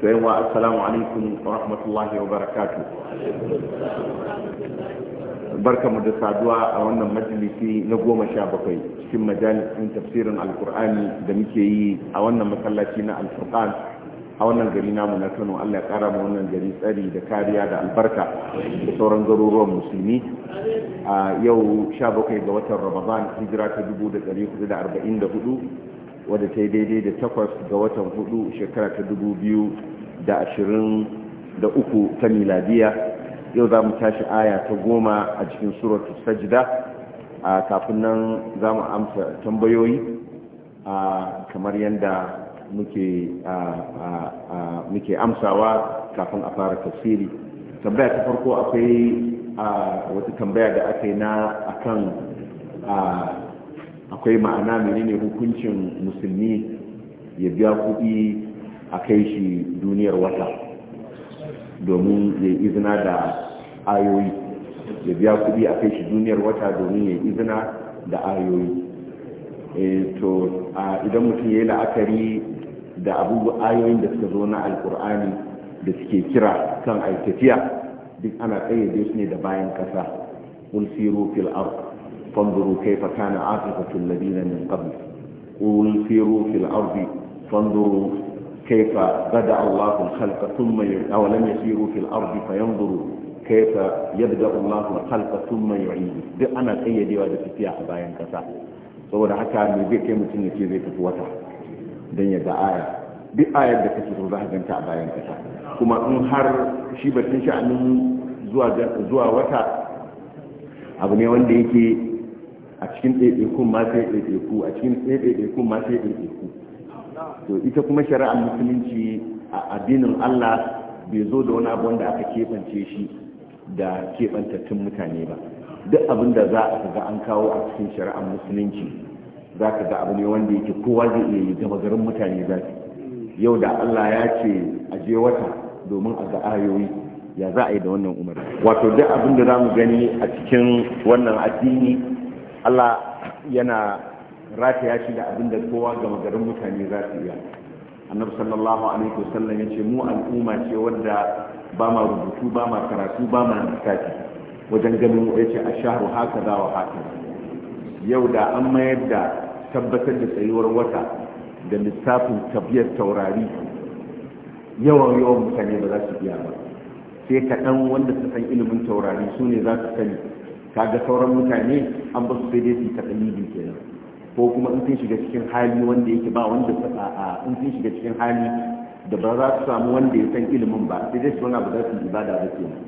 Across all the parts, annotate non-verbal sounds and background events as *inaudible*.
to yin wa assalamu alaikum wa rahmatullahi wa barakatu Barka mu da saduwa a wannan majalisi na goma sha bakwai cikin majalisin tafsirin alkur'ani da muke yi a wannan masallaci na alfurqan a wannan gari namu na kano allah ya kara ma wannan gari tsari da kariya da albarka da sauran garuruwan musulmi a yau sha bakwai ga watan ramadan hijira ta dubu da da da arba'in hudu. wadda ta yi daidai da takwas ga watan hudu shekara ta dubu biyu da ashirin da uku ta miladiya yau za mu tashi aya ta goma a cikin suratu sajida a kafin nan za mu amsa tambayoyi a kamar yadda muke amsawa kafin a fara tafsiri tambaya ta farko akwai wata tambaya da aka yi na akan akwai ma'ana menene hukuncin musulmi ya biya kuɗi a kai shi duniyar wata domin ya izina da ayoyi ya biya kuɗi a kai shi duniyar wata domin ya izina da ayoyi eh, to idan mutum ya yi la'akari da abubuwan ayoyin da suka zo na alkur'ani da suke kira kan aikafiya duk ana tsaye su ne da bayan ƙasa kun siro fil فانظروا كيف كان عاقبة الذين من قبل قل سيروا في الأرض فانظروا كيف بدأ الله الخلق ثم ي... أولم يسيروا في الأرض فينظروا كيف يبدأ الله الخلق ثم يعيده duk ana ƙayyadewa da tafiya a bayan ƙasa saboda haka mai zai kai mutum ya ce zai tafi wata don ya ga aya duk ayar da kake so za ka ganta a bayan ƙasa kuma in har shi batun sha'anin zuwa wata abu ne wanda yake a cikin ɗaiɗaikun ma sai ɗaiɗaiku a cikin ɗaiɗaikun ma sai ɗaiɗaiku to ita kuma shari'ar musulunci a addinin Allah bai zo da wani abu wanda aka keɓance shi da keɓantattun mutane ba duk abin da za a ga an kawo a cikin shari'ar musulunci za ka ga abu ne wanda yake kowa zai iya yi gaba garin mutane za su yau da Allah ya ce a je wata domin a ga ayoyi ya za a yi da wannan umar wato duk abin da za mu gani a cikin wannan addini Allah yana rataya shi da abin da kowa ga magarin mutane za su iya annabi sallallahu alaihi wasallam ya ce mu al'umma ce wadda ba ma rubutu ba ma karatu ba ma lissafi wajen ganin ya ce a shaharu haka za wa haka yau da an mayar da tabbatar da tsayuwar wata da lissafin tafiyar taurari yawan yawan mutane ba za su biya ba sai kaɗan wanda su san ilimin taurari su ne za su sani kaga sauran mutane an ba su sai dai su kenan ko kuma in sun shiga cikin hali wanda yake ba wanda a in sun shiga cikin hali da ba za su samu wanda ya san ilimin ba sai dai su wani abu za su ibada ba kenan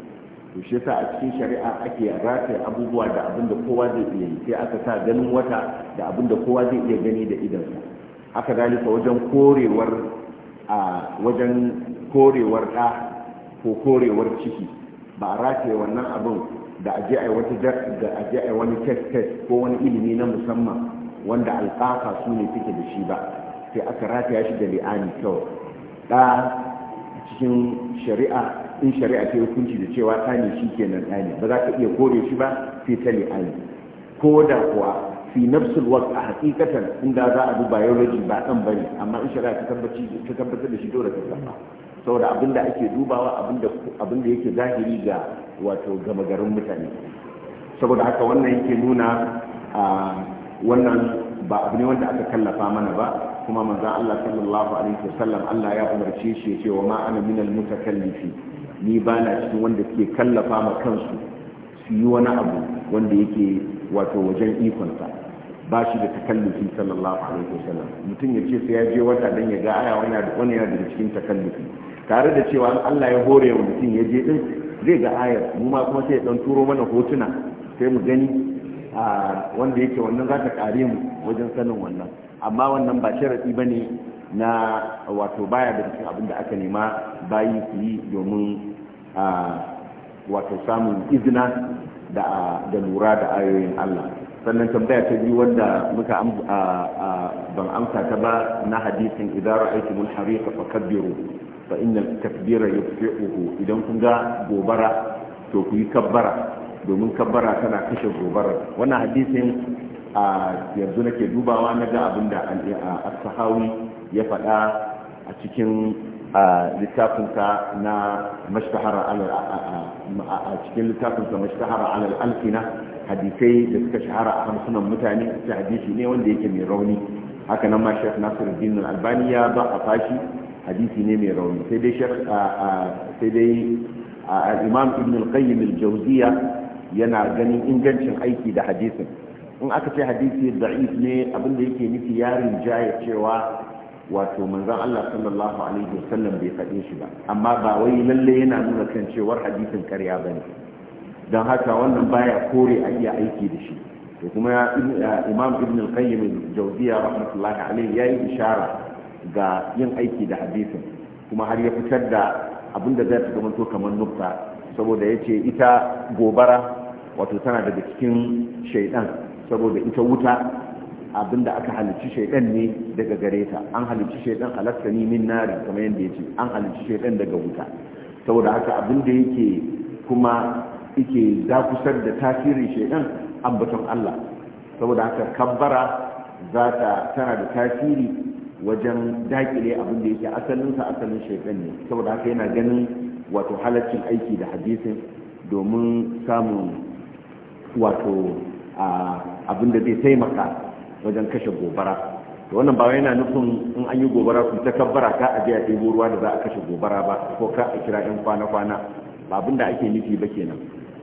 to shi yasa a cikin shari'a ake rataye abubuwa da abin da kowa zai iya yi sai aka sa ganin wata da abin da kowa zai iya gani da sa haka dalika wajen korewar a wajen korewar ɗa ko korewar ciki ba a rataye wannan abin da aje a wata da aje a wani test test ko wani ilimi na musamman wanda alfaka su ne suke da shi ba sai aka rataya shi da li'ani kyau ɗa cikin shari'a in shari'a ta hukunci da cewa ɗani shi kenan ne ba za ka iya kore shi ba sai ta li'ani ko da kuwa fi nafsul a hakikatan inda za a bi biology ba ɗan bari amma in shari'a ta tabbatar da shi dole ta zama saboda abin da ake dubawa abin da yake zahiri ga wato gama garin mutane saboda haka wannan yake nuna a wannan ba abu ne wanda aka kallafa mana ba kuma manzan Allah sallallahu alaihi wasallam Allah ya umarce shi ya ce wa ma ana minal mutakallifi ni ba na cikin wanda ke kallafa ma kansu su yi wani abu wanda yake wato wajen ikonsa ba shi da takallufi sallallahu alaihi wasallam mutum ya ce sai ya je wata dan ya ga aya wani yana daga cikin takallufi tare da cewa Allah ya hore wa mutum ya je din zai ga ayar mu ma kuma sai ya dan turo mana hotuna sai mu gani a wanda yake wannan za ta kare mu wajen sanin wannan amma wannan ba sharadi bane na wato baya da cikin abin da aka nema bayi su yi domin wato samun izina da lura da ayoyin Allah sannan tambaya ta biyu wanda muka ban amsa ta ba na hadisin idara mun mulhari ka fakabbiru fa innal takbira yudfi'uhu idan kun ga gobara to ku yi kabbara domin kabbara tana kashe gobarar wannan hadisin a yanzu nake dubawa na ga abin da as-sahawi ya faɗa a cikin littafinsa na mashtahara a cikin littafinsa mashtahara alal alkina hadisai da suka shahara a hamsunan mutane ta hadisi ne wanda yake mai rauni hakanan nan ma shek nasiru albani ya ba a fashi hadisi ne mai rauni sai dai shek sai dai imam ibn al-qayyim al-jawziya yana ganin ingancin aiki da hadisin in aka ce hadisi da'if ne abinda yake nufi yarin jaya cewa wato manzon Allah sallallahu alaihi wasallam bai faɗe shi ba amma ba wai lalle yana nuna kan cewar hadisin ƙarya bane don haka wannan baya kore a iya aiki da shi to kuma imam ibn al-qayyim al-jawziya rahmatullahi alaihi yayi ishara ga yin aiki da hadisin kuma har ya fitar da abin da zai zama to kamar nufta saboda ya ce ita gobara wato tana daga cikin shaidan saboda ita wuta abin da aka halicci shaidan ne daga gare ta an halicci shaidan alaskani min nari kamar yadda ya ce an halicci shaidan daga wuta saboda haka abin da yake kuma yake zakusar da tasirin shaidan ambaton Allah saboda haka kabbara za ta tana da tasiri wajen dakile abin da yake asalinsa asalin shaitan ne saboda haka yana ganin wato halaccin aiki da hadisin domin samun wato abin da zai taimaka wajen kashe gobara to wannan ba yana nufin in an yi gobara ku ta kabbara ka a je a ɗebo ruwa da za a kashe gobara ba ko ka a kira ɗan kwana-kwana ba abin da ake nufi ba kenan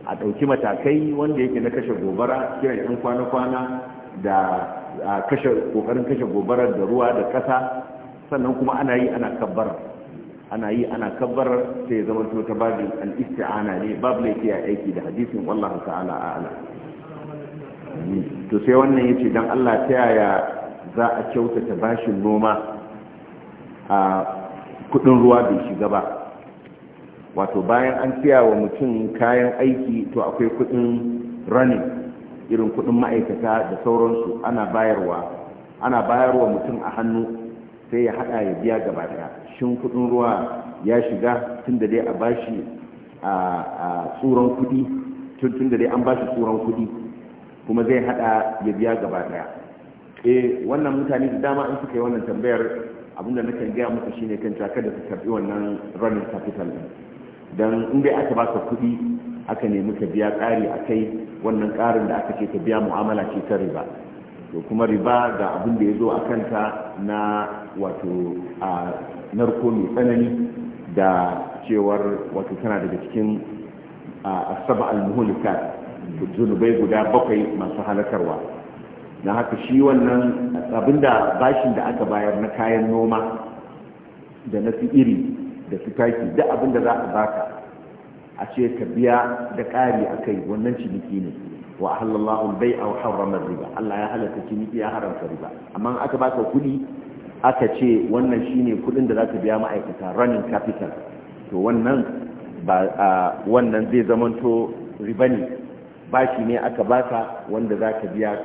a ɗauki matakai wanda yake na kashe gobara kira ɗan kwana-kwana da kashe kokarin kashe gobarar da ruwa da kasa sannan kuma ana yi ana kabbara ana yi ana kabbara sai zama to ta babin al-isti'ana ne babu ne ke aiki da hadisin wallahu ta'ala a'ala to sai wannan yace dan Allah ta yaya za a kyautata bashin noma a kudin ruwa bai shiga ba wato bayan an siya wa mutum kayan aiki to akwai kudin running irin kudin ma'aikata da sauransu ana bayarwa ana bayarwa mutum a hannu sai ya hada ya biya gaba daya shin kudin ruwa ya shiga tun da dai a bashi a tsoron kudi tun da dai an bashi tsuron kudi kuma zai hada ya biya gaba daya eh wannan mutane da dama an suka yi wannan tambayar abinda na kan gaya muku shine kan caka da su karbi wannan running capital din dan in dai aka baka kudi aka nemi ka biya kari a kai wannan ƙarin da aka ce ta biya mu'amala ce ta riba to kuma riba ga abin da ya zo a kanta na wato a narko mai tsanani da cewar wato tana daga cikin asaba al-muhlikat zunubai guda bakwai masu halakarwa na haka shi wannan abin da bashin da aka bayar na kayan noma da na su iri da su taki da abinda za a baka a ce ka biya da ƙari a kai wannan ciniki ne wa halallahu bai a harramar riba Allah ya halatta ciniki ya haramta riba amma aka baka kuɗi aka ce wannan shine kuɗin da za ka biya ma'aikata running capital to wannan ba wannan zai zamanto riba ne bashi ne aka baka wanda za ka biya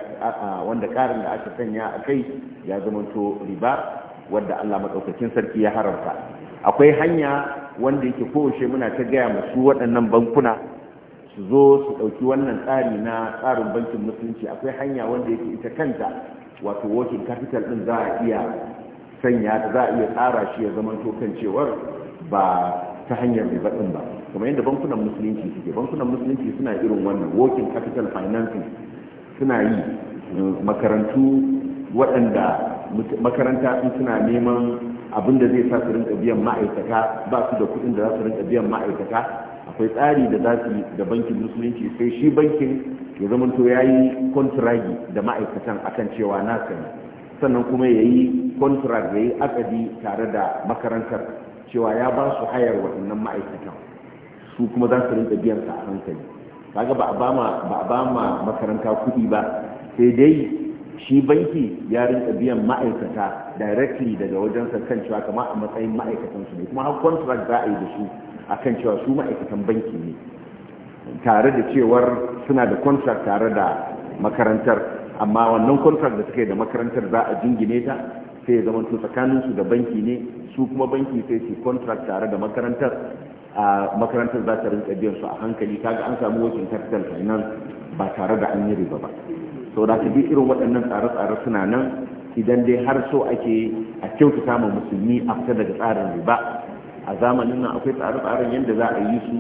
wanda ƙarin da aka sanya a kai ya zamanto riba wadda Allah maɗaukakin sarki ya haramta akwai hanya wanda yake kowace muna ta gaya masu waɗannan bankuna su zo su ɗauki wannan tsari na tsarin bankin musulunci akwai hanya wanda yake ita kanta wato working capital ɗin za a iya sanya za a iya tsara shi ya zama kan cewar ba ta hanyar riba ɗin ba kamar yadda bankunan musulunci suke bankunan musulunci suna irin wannan working capital financing suna yi makarantu waɗanda makaranta suna neman abin da zai sa su rinka biyan ma'aikata ba su da kuɗin da za su rinka biyan ma'aikata akwai tsari da za su da bankin musulunci sai shi bankin ya zamanto ya yi kontragi da ma'aikatan akan cewa na sani sannan kuma ya yi kontrak ya yi akadi tare da makarantar cewa ya ba su hayar waɗannan ma'aikatan su kuma za su rinka biyan sa a hankali kaga ba a ba ma makaranta kuɗi ba sai dai shi banki ya rinka biyan ma'aikata directly daga wajen kan cewa kamar a matsayin ma'aikatan su ne kuma har contract za a yi da su a kan cewa su ma'aikatan banki ne tare da cewar suna da contract tare da makarantar amma wannan contract da suke da makarantar za a jingine ta sai ya zamanto tsakanin su da banki ne su kuma banki sai su contract tare da makarantar a makarantar za ta rinka biyan su a hankali kaga an samu working capital finance ba tare da an yi riba ba sau da duk irin waɗannan tsare-tsare suna nan idan dai har so ake a kyautata samun musulmi a fita daga tsarin riba a zamanin nan akwai tsare-tsaren yadda za a yi su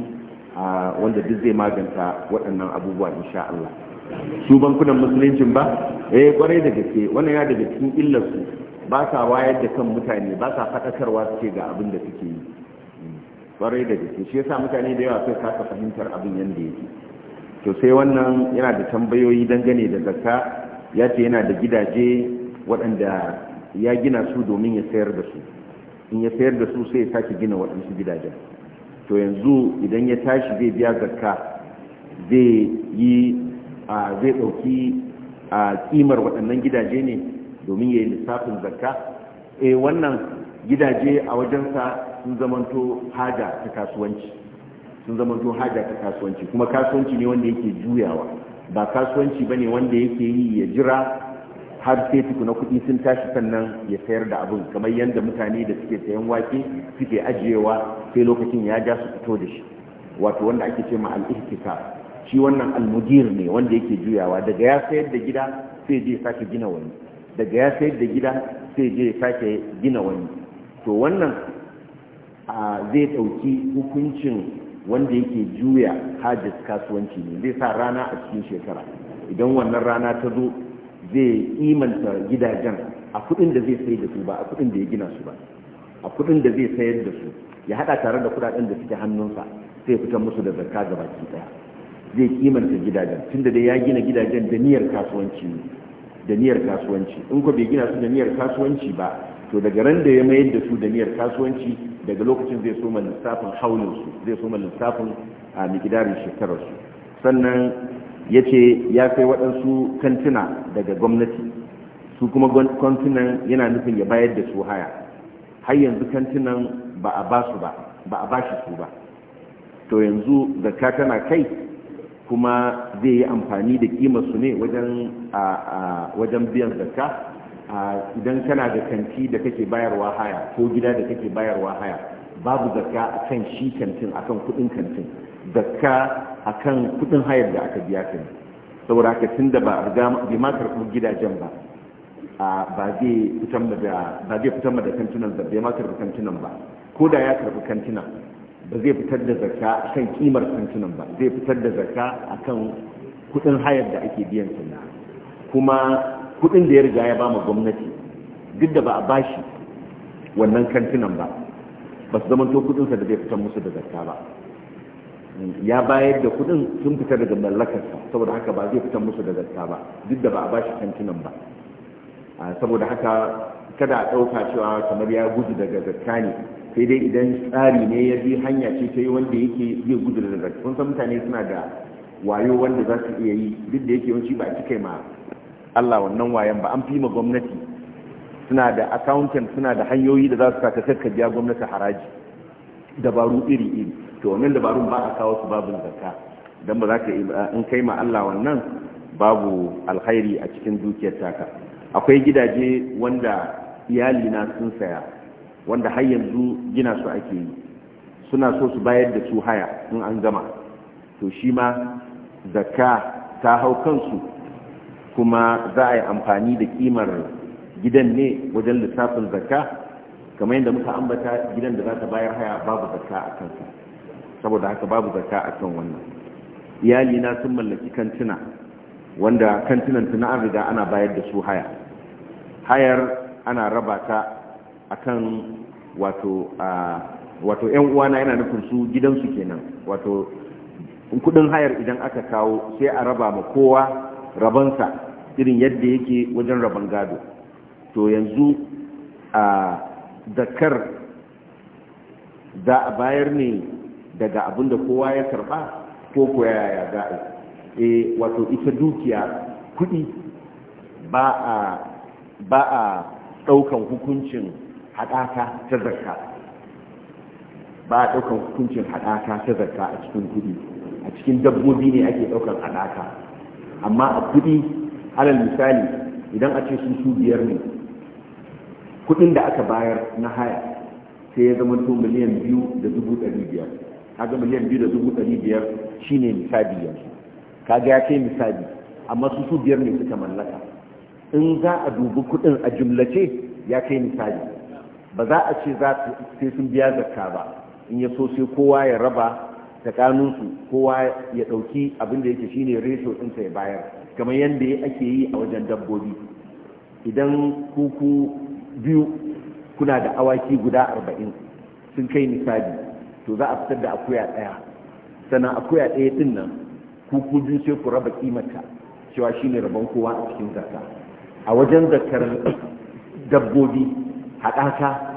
wanda duk zai maganta waɗannan abubuwa insha Allah su bankunan musuluncin ba eh kwarai da gaske wannan ya daga cikin illar su ba sa wayar da kan mutane ba sa faɗakarwa suke ga abin da suke yi kwarai hmm. da gaske shi yasa mutane da yawa sai kasa fahimtar abin yadda yake to sai wannan yana da tambayoyi dangane da zakka ya ce yana da gidaje waɗanda ya gina su domin ya sayar da su in ya sayar da su sai ya sake gina waɗansu gidaje. to yanzu idan ya tashi zai biya zakka zai yi a zai ɗauki a ƙimar waɗannan gidaje ne domin ya yi lissafin zakka eh wannan gidaje a wajensa sun zamanto haja ta kasuwanci sun zama to haja ta kasuwanci kuma kasuwanci ne wanda yake juyawa ba kasuwanci bane wanda yake yi ya jira har sai tukuna kuɗi sun tashi sannan ya sayar da abin kamar yadda mutane da suke sayan wake suke ajiyewa sai lokacin ya ja su fito da shi wato wanda ake ce ma al shi wannan almudir ne wanda yake juyawa daga ya sayar da gida sai je sake gina wani daga ya sayar da gida sai je sake gina wani to wannan zai ɗauki hukuncin wanda yake juya hajjis kasuwanci ne zai sa rana a cikin shekara idan wannan rana ta zo zai imanta gidajen a kudin da zai sayar da su ba a kudin da ya gina su ba a kudin da zai sayar da su ya hada tare da kudaden da suke hannunsa sai fita musu da zakka ga baki daya zai kimanta gidajen tunda da ya gina gidajen da niyyar kasuwanci ne da niyyar kasuwanci in ko bai gina su da niyyar kasuwanci ba to daga ran da ya mayar da su da niyyar kasuwanci daga lokacin zai soma lissafin haulinsu zai soma lissafin a mikidarin shekararsu sannan ya ce ya kai waɗansu kantina daga gwamnati su kuma kantinan yana nufin ya bayar da su haya har yanzu kantinan ba a ba su ba ba a ba shi su ba to yanzu zakka tana kai kuma zai yi amfani da kimar su ne wajen biyan zakka idan kana da kanti da kake bayarwa haya ko gida da kake bayarwa haya babu zakka akan shi kantin akan kudin kantin zakka akan kudin hayar da aka biya ka ne saboda haka tunda ba riga bai ma karɓi gidajen ba ba zai fitan da ba zai fitan da kantinan ba bai ma karɓi kantinan ba ko da ya karɓi kantinan ba zai fitar da zakka kan kimar kantinan ba zai fitar da zakka akan kudin hayar da ake biyan sannan kuma kudin da ya riga ya ba gwamnati duk da ba a bashi wannan kantinan ba ba su zama to kudinsa da zai fitar musu da zakka ba ya bayar da kudin sun fita daga mallakarsa saboda haka ba zai fitar musu da zakka ba duk da ba a bashi kantinan ba saboda haka kada a ɗauka cewa kamar ya gudu daga zakka ne sai dai idan tsari ne ya bi hanya ce ta yi wanda yake zai gudu daga zakka kun san mutane suna da wayo wanda za su iya yi duk da yake yawanci ba a cika ma Allah wannan wayan ba an fi ma gwamnati suna da accounting suna da hanyoyi da za su saka kakka biya gwamnati haraji dabaru iri iri to wannan dabarun ba a kawo su babu zakka dan ba za ka in kai ma Allah wannan babu alkhairi a cikin dukiyar taka akwai gidaje wanda iyali na sun saya wanda har yanzu gina su ake yi suna so su bayar da su haya in an gama to shi ma zakka ta hau kansu kuma za a yi amfani da kimar gidan ne wajen lissafin zakka kamar yadda muka ambata gidan da za ta bayar haya babu zakka a kansa saboda haka babu zakka a kan wannan iyali na sun mallaki kantuna wanda kantunan tuna an riga ana bayar da su haya hayar ana raba ta kan wato wato yan uwana yana nufin su gidansu kenan wato kudin hayar idan aka kawo sai a raba ma kowa Rabansa irin yadda yake wajen rabon gado to yanzu a zakar za a bayar ne daga abinda kowa ya karba ko kuwa ya za e wato ita dukiya kudi ba a ba a daukan hukuncin hadaka ta zakka ba a daukan hukuncin hadaka ta zakka a cikin kudi a cikin dabbobi ne ake daukan hadaka amma a kuɗi alal misali idan a ce su su biyar ne kuɗin da aka bayar na haya sai ya zama to miliyan biyu da dubu ɗari biyar kaga miliyan biyu da dubu ɗari biyar shine misali yanzu kaga ya kai misali amma su su biyar ne suka mallaka in za a dubi kuɗin a jumlace ya kai misali ba za a ce za sai sun biya zakka ba in ya so sai kowa ya raba tsakaninsu kowa ya ɗauki abin da yake shine reso ɗinsa sai bayar kamar yadda ake yi a wajen dabbobi idan kuku biyu kuna da awaki guda arba'in sun kai nisabi to za a fitar da akuya ɗaya sannan akuya ɗaya ɗin nan kuku biyu sai ku raba kimata cewa shine rabon kowa a cikin zakka a wajen zakkar dabbobi haɗaka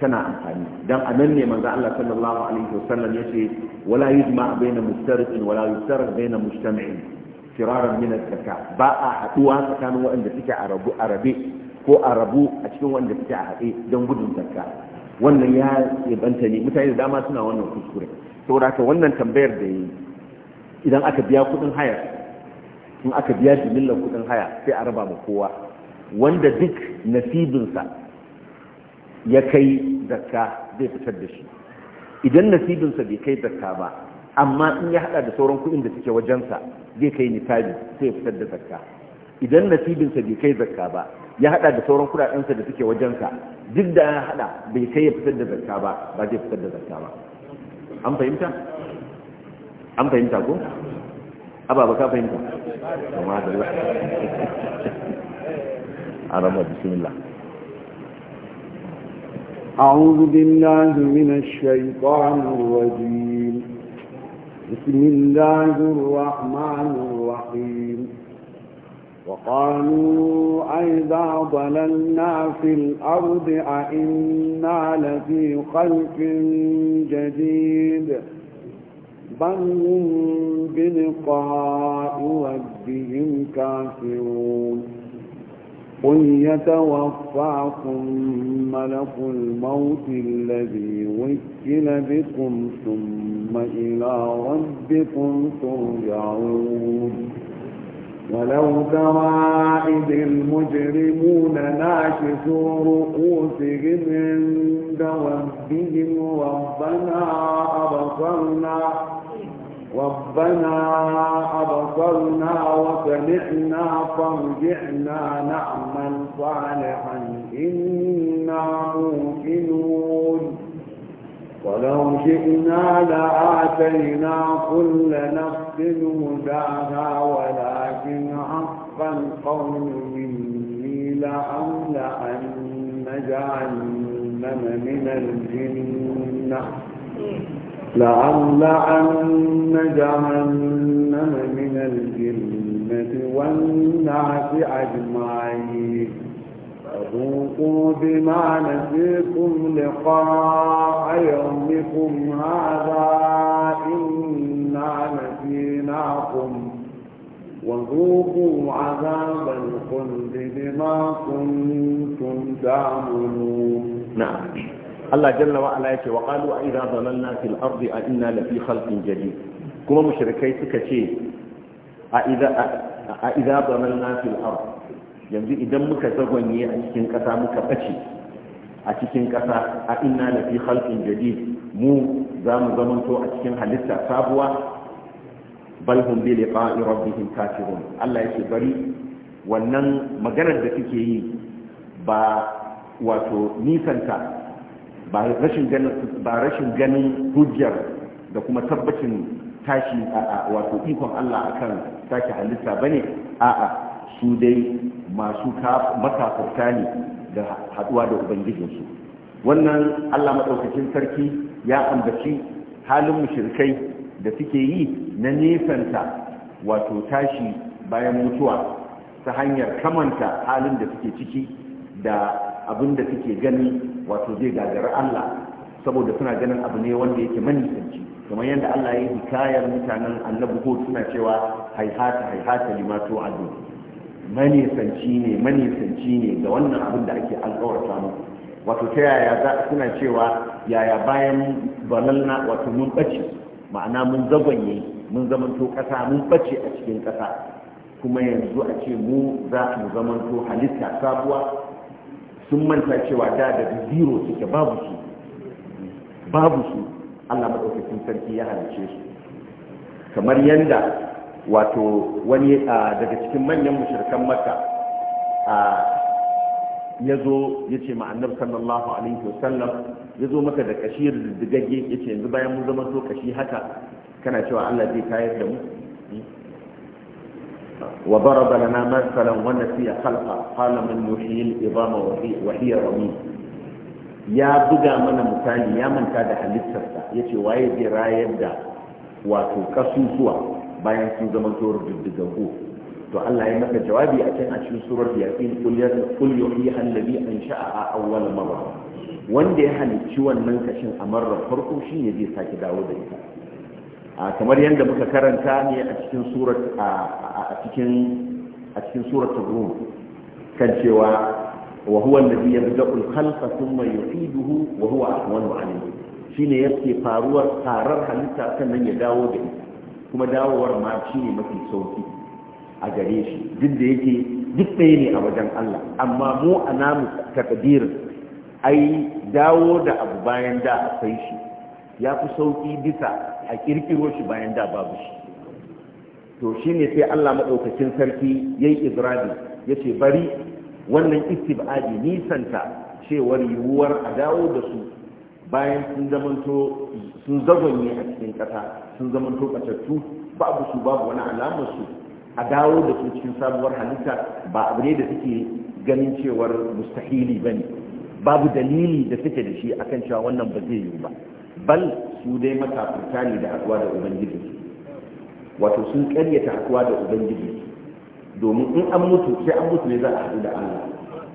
tana amfani don a nan ne manzo Allah sallallahu alaihi wasallam ya ce ولا يجمع بين مشترك ولا يفترق بين مجتمع فرارا من الذكاء باء حتوا كانوا عند تكا عربي عربي كو عربو اشكو عند تكا حقي دون بدون ذكاء wannan ya yabantani mutane dama suna wannan kuskure saboda haka wannan tambayar da yi idan aka biya kuɗin haya in aka biya jimillar kuɗin haya sai a raba ma kowa wanda duk nasibinsa ya kai zakka zai fitar da shi idan nasibinsa bai kai zakka ba amma in ya hada da sauran kuɗin da suke wajensa zai kai nisabi sai ya fitar da zakka idan nasibinsa bai kai zakka ba ya hada da sauran kuɗaɗensa da suke wajensa duk da ya hada bai kai ya fitar da zakka ba ba zai fitar da zakka ba an fahimta an fahimta ko ababa ka fahimta amma da Allah *laughs* a ramar bismillah أعوذ بالله من الشيطان الرجيم بسم الله الرحمن الرحيم وقالوا أيضا ضللنا في الأرض أئنا لفي خلق جديد بل هم بلقاء ربهم كافرون قل يتوفعكم ملك الموت الذي وكل بكم ثم إلى ربكم ترجعون ولو ترى إذ المجرمون ناشسوا رؤوسهم عند ربهم ربنا أبصرنا ربنا أبصرنا وسمعنا فارجعنا نعمل صالحا إنا موقنون ولو شئنا لآتينا كل نفس هداها ولكن حق القول مني لأملأن جهنم من الجنة إيه. لأملعن جهنم من الجنة والنعس أجمعين فذوقوا بما نسيتم لقاء يومكم هذا إنا نسيناكم وذوقوا عذاب الخلد بما كنتم تعملون نعم Allah jalla wa ala yake wa qalu a idza dhalalna fil ardi a inna la fi khalqin jadid kuma mushrikai suka ce a idza a idza dhalalna fil ardi yanzu idan muka zagwanye a cikin ƙasa muka ɓace a cikin ƙasa a inna la fi khalqin jadid mu za mu zamanto a cikin halitta sabuwa bal hum bi liqa'i rabbihim kafirun Allah yake bari wannan maganar da suke yi ba wato nisanta ba rashin ganin hujjar da kuma tabbacin tashi a wato ikon Allah a kan tashi halitta bane a'a su dai masu makafurta ne da haduwa da ubangijinsu wannan Allah maɗaukacin sarki ya ambaci halin mushrikai da suke yi na nesanta wato tashi bayan mutuwa ta hanyar kamanta halin da suke ciki da abin da suke gani wato zai gagari Allah saboda suna ganin abu ne wanda yake manisanci kamar yadda Allah ya yi hikayar mutanen annabi ko suna cewa haihata haihata limatu adu manisanci ne manisanci ne ga wannan abin da ake alƙawarta mu wato ta yaya za suna cewa yaya bayan balalna wato mun ɓace ma'ana mun zagwanye mun zamanto ƙasa mun ɓace a cikin ƙasa kuma yanzu a ce mu za mu zamanto halitta sabuwa sun manta cewa da da zero suke babu su babu su Allah madaukakin sarki ya halice su kamar yanda wato wani daga cikin manyan mushrikan makka ya zo ya ce ma'annar sallallahu alaihi wasallam ya zo maka da kashi diddigagge ya ce yanzu bayan mun zama so kashi haka kana cewa Allah zai kayar da mu hmm? وضرب لنا مثلا ونسي خلقه قال من يحيي العظام وهي رميم ya buga mana misali ya manta da halittarsa ya ce waye zai rayar da wato kasusuwa bayan sun zama tsoron diddigaggu to Allah ya maka jawabi a kan can a cikin surar yasin kul yuhyi allazi a awwal marra wanda ya halicci wannan kashin a marar farko shine zai saki dawo da ita kamar yadda muka karanta ne a cikin surat a cikin a cikin surat rum kan cewa wa huwa alladhi yabda'u al-khalqa thumma yu'iduhu wa huwa ahwanu alayhi shine yake faruwar tarar halitta sannan ya dawo da ita kuma dawowar ma shine mafi sauki a gare shi duk da yake duk ɗaya ne a wajen Allah amma mu a namu takdir ai dawo da abu bayan da kai shi ya fi sauki bisa a kirkiro shi bayan da babu shi to shine sai Allah maɗaukacin sarki yayi ya ce bari wannan istibadi nisanta cewar yiwuwar a dawo da su bayan sun zamanto sun zagonye a cikin kasa sun zamanto batattu babu su babu wani alamar su a dawo da su cikin sabuwar halitta ba abu ne da suke ganin cewar mustahili ne babu dalili da suke da shi akan cewa wannan ba zai yiwu ba bal su dai matafurta ne da haɗuwa da ubangiji wato sun karyata haɗuwa da ubangiji domin in an mutu sai an mutu ne za a haɗu da allah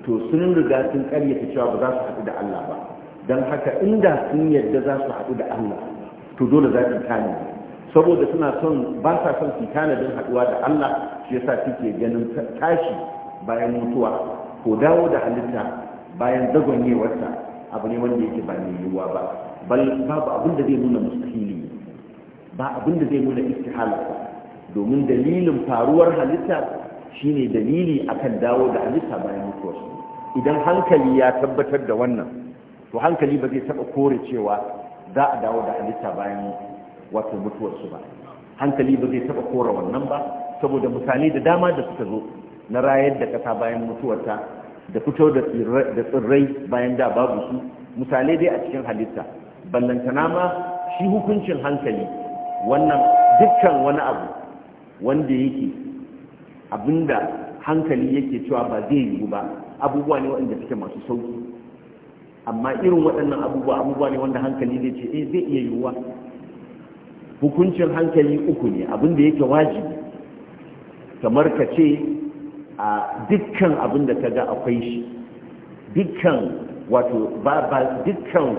to sun riga sun karyata cewa ba za su haɗu da allah ba don haka inda sun yadda za su haɗu da allah to dole za su tani saboda suna son ba sa son su tanadin haɗuwa da allah shi yasa suke ganin tashi bayan mutuwa ko dawo da halitta bayan zagonyewarsa abu ne wanda yake ba mai yiwuwa ba bal babu abin da zai nuna mustahili ba abin da zai nuna istihala domin dalilin faruwar halitta shine dalili akan dawo da halitta bayan mutuwar idan hankali ya tabbatar da wannan to hankali ba zai taba kore cewa za a dawo da halitta bayan wato mutuwar su ba hankali ba zai taba kore wannan ba saboda mutane da dama da suka zo na rayar da kasa bayan mutuwarta da fito da tsirrai bayan da babu su misalai dai a cikin halitta ballantana ma shi hukuncin hankali wannan dukkan wani abu wanda yake abinda hankali yake cewa ba zai yiwu ba abubuwa ne waɗanda suke masu sauki amma irin waɗannan abubuwa abubuwa ne wanda hankali zai ce eh zai iya yiwuwa hukuncin hankali uku ne abinda yake wajibi kamar ka ce a dukkan abin da ta ga akwai shi dukkan wato ba ba dukkan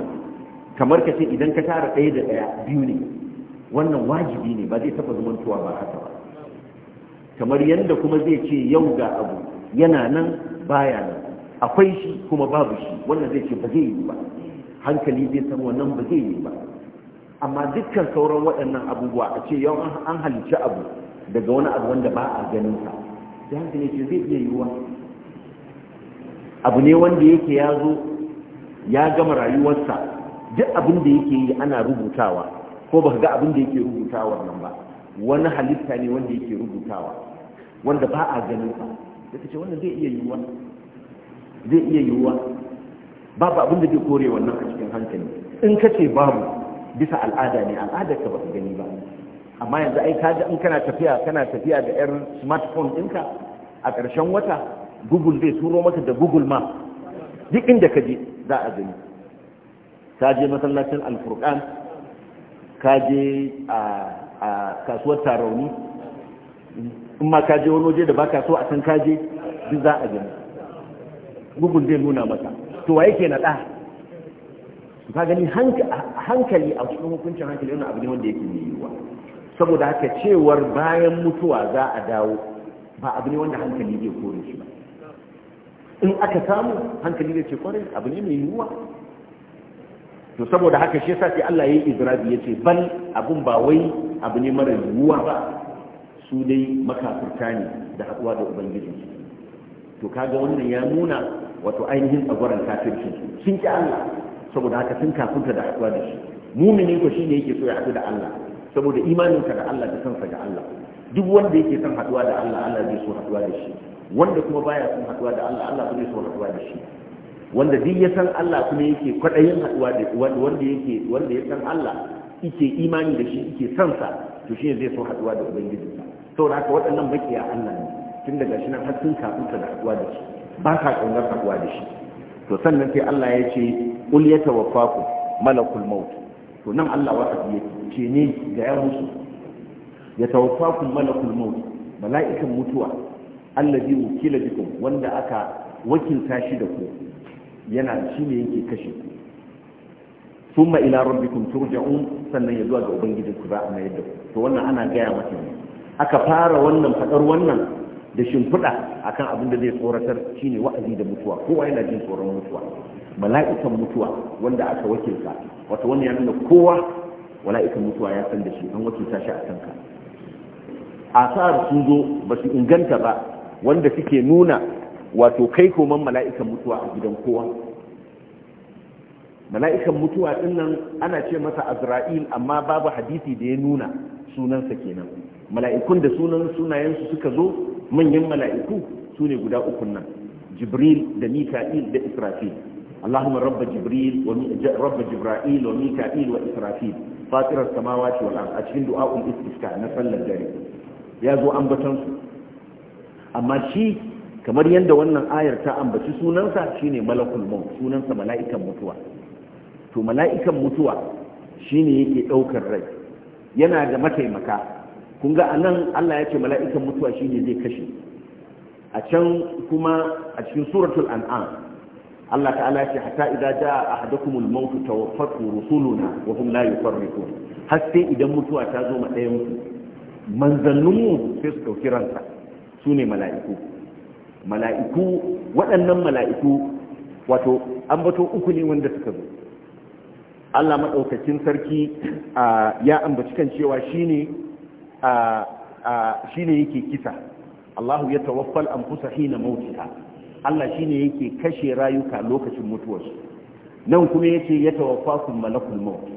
kamar ka ce idan ka tara ɗaya da ɗaya biyu ne wannan wajibi ne ba zai taɓa zumantowa ba haka ba kamar yadda kuma zai ce yau ga abu yana nan baya nan akwai shi kuma babu shi wannan zai ce ba zai yi ba hankali zai san wannan ba zai yi ba amma dukkan sauran waɗannan abubuwa a ce yau an halicci abu daga wani abu wanda ba a ganin sa haka ne ke zai iya yiwuwa abu ne wanda yake ya zo ya gama rayuwarsa duk abin da yake yi ana rubutawa ko ba ga abin da yake rubutawa nan ba wani halitta ne wanda yake rubutawa wanda ba a ganin sa da ce wannan zai iya yiwuwa zai iya yiwuwa babu abin da zai kore wannan a cikin hankali in ka ce babu bisa al'ada ne al'adar ka ba ka gani ba amma yanzu ai kaji in kana tafiya kana tafiya da yar smartphone ɗinka a ƙarshen wata google zai turo maka da google map duk inda ka je za a gani ka je masallacin alfurkan ka je a kasuwar tarauni in ma ka je wani waje da ka so a san ka je duk za a gani google zai nuna maka to wa yake na ɗa ka gani hankali a cikin hukuncin hankali yana abu ne wanda yake mai yiwuwa saboda haka cewar bayan mutuwa za a dawo ba abu ne wanda hankali zai kore shi ba in aka samu hankali zai ce kwarai abu ne mai yiwuwa to saboda haka shi yasa sai Allah yayi izrabi yace bal abun ba wai abu ne mara yiwuwa ba su dai makafurta ne da haɗuwa da ubangiji to kaga wannan ya nuna wato ainihin tsagwaron kafircin su sun ki Allah saboda haka sun kafurta da haɗuwa da shi mumini ko shine yake so ya haɗu da Allah saboda imaninka da Allah da kansa ga Allah duk wanda yake son haduwa da Allah Allah zai so haduwa da shi wanda kuma baya son haduwa da Allah Allah zai so haduwa da shi wanda duk ya san Allah kuma yake kwadayin haduwa da wanda yake wanda ya san Allah yake imani da shi yake son sa to shine zai so haduwa da ubangiji saboda haka waɗannan makiya Allah ne tun daga shi nan har sun kafin ka da haduwa da shi ba ka kaunar haduwa da shi to sannan sai Allah ya ce qul yatawaffakum malakul maut to nan Allah wa ya ce ne ga ya musu ya mana malakul maut mala'ikan mutuwa allazi wukila bikum wanda aka wakilta shi da ku yana shi ne yake kashe ku thumma ila rabbikum turja'un sannan ya zuwa ga ku, za a mayar da ku to wannan ana gaya mata ne aka fara wannan fadar wannan da shimfiɗa akan abin da zai tsoratar shine wa'azi da mutuwa kowa yana jin tsoron mutuwa mala'ikan mutuwa wanda aka wakilta wato wani ya nuna kowa mala'ikan mutuwa ya san da shi an wakilta shi a kanka asar sun zo ba su inganta ba wanda suke nuna wato kai koman mala'ikan mutuwa a gidan kowa mala'ikan mutuwa ɗinnan ana ce masa azra'il amma babu hadisi da ya nuna sunansa kenan mala'ikun da sunan sunayensu suka zo manyan mala'iku su ne guda ukun nan jibril da mika'il da israfil اللهم رب جبريل رب جبرائيل وميكائيل وإسرافيل فاطر السماوات والأرض أشكين دعاء الاستفتاء نسأل ذلك يا ذو أنبتنس أما شيء kamar yadda wannan ayar ta ambaci sunansa shine malakul maut sunansa mala'ikan mutuwa to mala'ikan mutuwa shine yake daukar rai yana da mataimaka Kunga ga anan Allah ya ce mala'ikan mutuwa shine zai kashe a can kuma a cikin suratul an'am Allah ta'ala ya ce hatta idza ja ahadukumul maut tawaffatu rusuluna wa hum la yufarriqun har sai idan mutuwa ta zo ma ɗayan ku mu sai su dauki ransa su ne mala'iku mala'iku waɗannan mala'iku wato an bato uku ne wanda suka zo Allah maɗaukacin sarki ya ambaci kan cewa shine shine yake kisa Allahu ya tawaffal anfusa hina mautiha Allah shi ne yake kashe rayuka lokacin mutuwarsu nan kuma yace ya tawaffakum malakul maut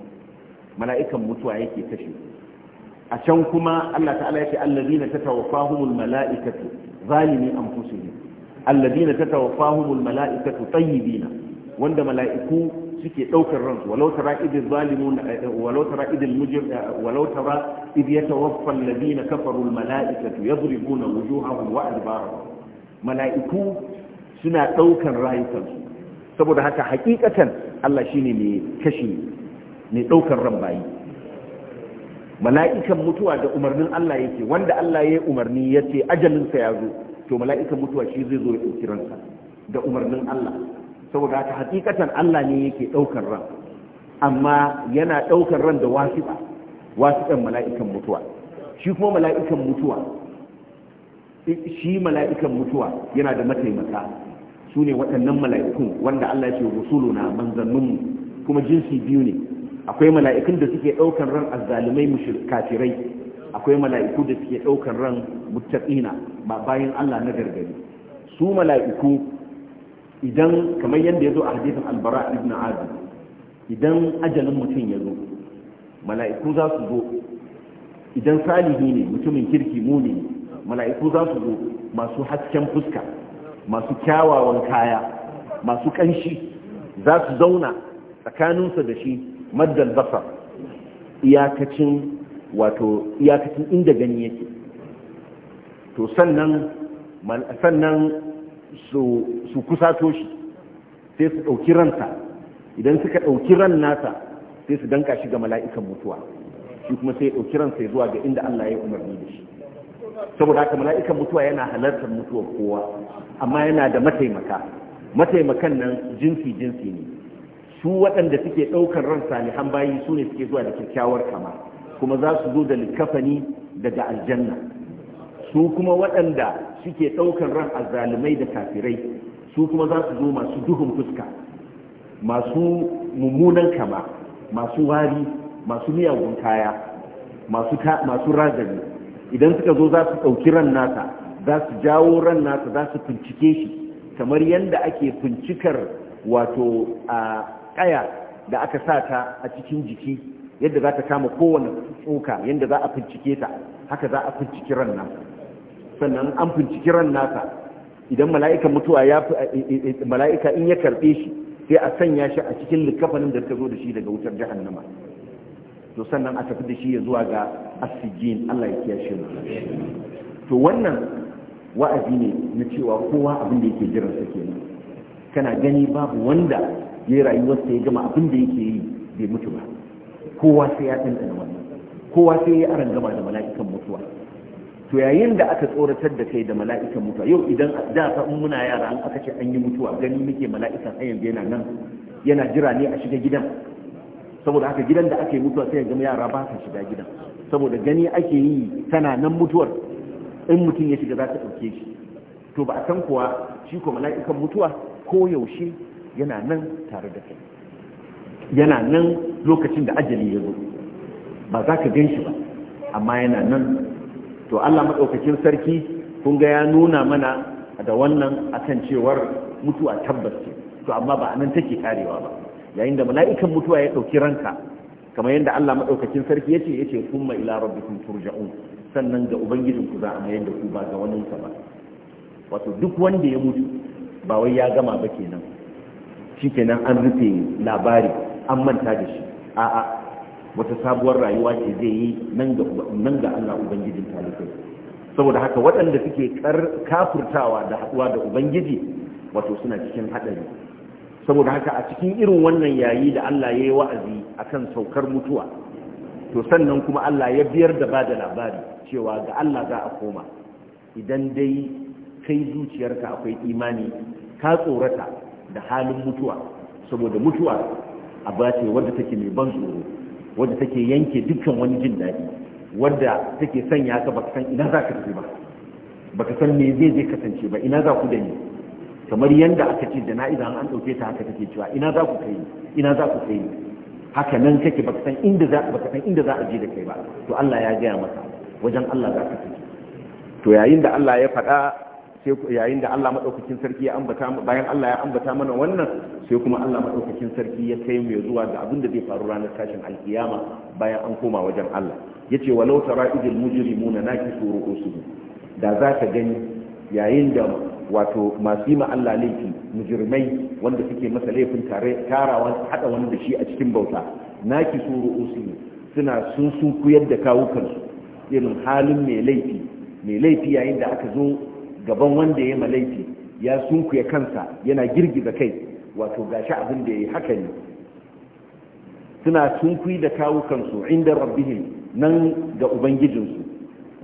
mala'ikan mutuwa yake kashe a can kuma Allah ta'ala ta allazina tatawaffahumul mala'ikatu zalimi an fusu anfusihim allazina tatawaffahumul mala'ikatu tayyibina wanda mala'iku suke ɗaukar ransu walau tara idil zalimun walau tara idil mujir walau tara id yatawaffa alladhina kafaru almala'ikatu yadribuna wujuhahum wa adbarahum mala'iku suna ɗaukan rayukansu saboda haka hakikatan Allah shine mai kashe mai ɗaukan ran bayi mala'ikan mutuwa da umarnin Allah yake wanda Allah ya yi umarni ya ce ajalinsa ya zo to mala'ikan mutuwa shi zai zo ya ɗauki ransa da umarnin Allah saboda haka hakikatan Allah ne yake ɗaukar ran amma yana ɗaukar ran da wasiɓa wasiɓan mala'ikan mutuwa shi kuma mala'ikan mutuwa shi mala'ikan mutuwa yana da mataimaka su ne waɗannan mala'ikun wanda Allah ya ce rusuluna manzanninmu kuma jinsi biyu ne akwai mala'ikun da suke ɗaukar ran azzalumai kafirai akwai mala'iku da suke ɗaukar ran muttaqina ba bayan Allah na gargadi su mala'iku idan kamar yadda ya zo a hadisin albara ibn adi idan ajalin mutum ya zo mala'iku za su zo idan salihi ne mutumin kirki muni mala'iku za su zo masu hasken fuska masu kyawawan kaya masu kanshi za su zauna tsakaninsa da shi maddal basar iyakacin wato iyakacin inda gani yake to sannan sannan su kusato shi sai su ɗauki ransa idan suka ɗauki ran nasa sai su danka shi ga mala'ikan mutuwa shi kuma sai ɗauki ransa zuwa ga inda Allah ya umarni da shi saboda haka mala'ikan mutuwa yana halartar mutuwar kowa amma yana da mataimaka mataimakan nan jinsi jinsi ne su waɗanda suke ɗaukar ran salihan bayi su ne suke zuwa da kyakkyawar kama kuma za su zo da likafani daga aljanna su kuma waɗanda suke ɗaukar ran azzalumai da kafirai su kuma za su zo masu duhun fuska masu mummunan kama masu wari masu miyagun kaya masu ragari idan suka zo za su ɗauki ran nasa za su jawo ran nasa za su fincike shi kamar yadda ake fincikar wato a kaya da aka sa ta a cikin jiki yadda za ta kama kowane tsoka yadda za a fincike ta haka za a finciki ran nasa sannan an finciki ran nasa idan mala'ika mutuwa ya eh, eh, eh, mala'ika in ya karbe shi sai a sanya shi a cikin likafanin da ta zo da shi daga wutar jahannama to sannan a tafi da shi ya zuwa ga asijin Allah ya kiyashe mu to wannan wa'azi ne na cewa kowa abin da yake jiran sa kenan kana gani babu wanda ya yi rayuwarsa ya gama abin da yake yi bai mutu ba kowa sai ya ɗanɗana wannan kowa sai ya aran gama da mala'ikan mutuwa to yayin da aka tsoratar da kai da mala'ikan mutuwa yau idan da ka in muna yara an aka ce an yi mutuwa gani muke mala'ikan har yanzu yana nan yana jira ne a shiga gidan saboda haka gidan da aka yi mutuwa sai ya gama yara ba sa shiga gidan saboda gani ake yi tana nan mutuwar in mutum ya shiga za ta ɗauke shi to ba a san kuwa shi ko mala'ikan mutuwa ko yaushe yana nan tare da kai yana nan lokacin da ajali ya zo ba za ka gan shi ba amma yana nan to Allah maɗaukacin sarki kun ga ya nuna mana da wannan akan cewar mutuwa tabbas ce to amma ba a anan take karewa ba yayin da mala'ikan mutuwa ya ɗauki ranka kamar yadda Allah maɗaukakin sarki yace yace kuma ila rabbikum turja'un sannan ga ubangijinku za a mayar da ku ba ga waninsa ba wato duk wanda ya mutu ba wai ya gama ba kenan shi kenan an rufe labari an manta da shi a'a wata sabuwar rayuwa ce zai yi nan ga Allah ubangijin talibai saboda haka waɗanda suke kafurtawa da haɗuwa da ubangiji wato suna cikin haɗari saboda haka a cikin irin wannan yayi da Allah ya yi wa'azi akan saukar mutuwa to sannan kuma Allah ya biyar da ba da labari cewa ga Allah za a koma idan dai kai zuciyarka akwai imani ka tsorata da halin mutuwa saboda mutuwa a ce wadda take mai ban tsoro wadda take yanke dukkan wani jin daɗi wadda take sanya ka baka san ina za ka tafi ba baka san me zai zai kasance ba ina za ku da ni kamar yanda aka ce na'iza an ɗauke ta haka take cewa ina za ku kai ina za ku kai haka nan kake baka san inda za baka san inda za a je da kai ba to Allah ya gaya masa wajen Allah za ka tafi to yayin da Allah ya faɗa sai yayin da Allah madaukakin sarki ya ambata bayan Allah ya ambata mana wannan sai kuma Allah madaukakin sarki ya kai mu zuwa ga abin da zai faru ranar tashin alkiyama bayan an koma wajen Allah yace walau tara idil mujrimuna nakisu ru'usuhum da za ka gani yayin da wato masu yi Allah laifi mujirmai wanda suke masa laifin tare tarawa hada wani da shi a cikin bauta naki su ne suna sun sun da kawo kansu irin halin mai laifi mai laifi yayin da aka zo gaban wanda ya laifi ya sunkuya kansa yana girgiza kai wato gashi abin da ya yi haka ne suna sunkuyi da kawukansu inda rabbihin nan ga ubangijinsu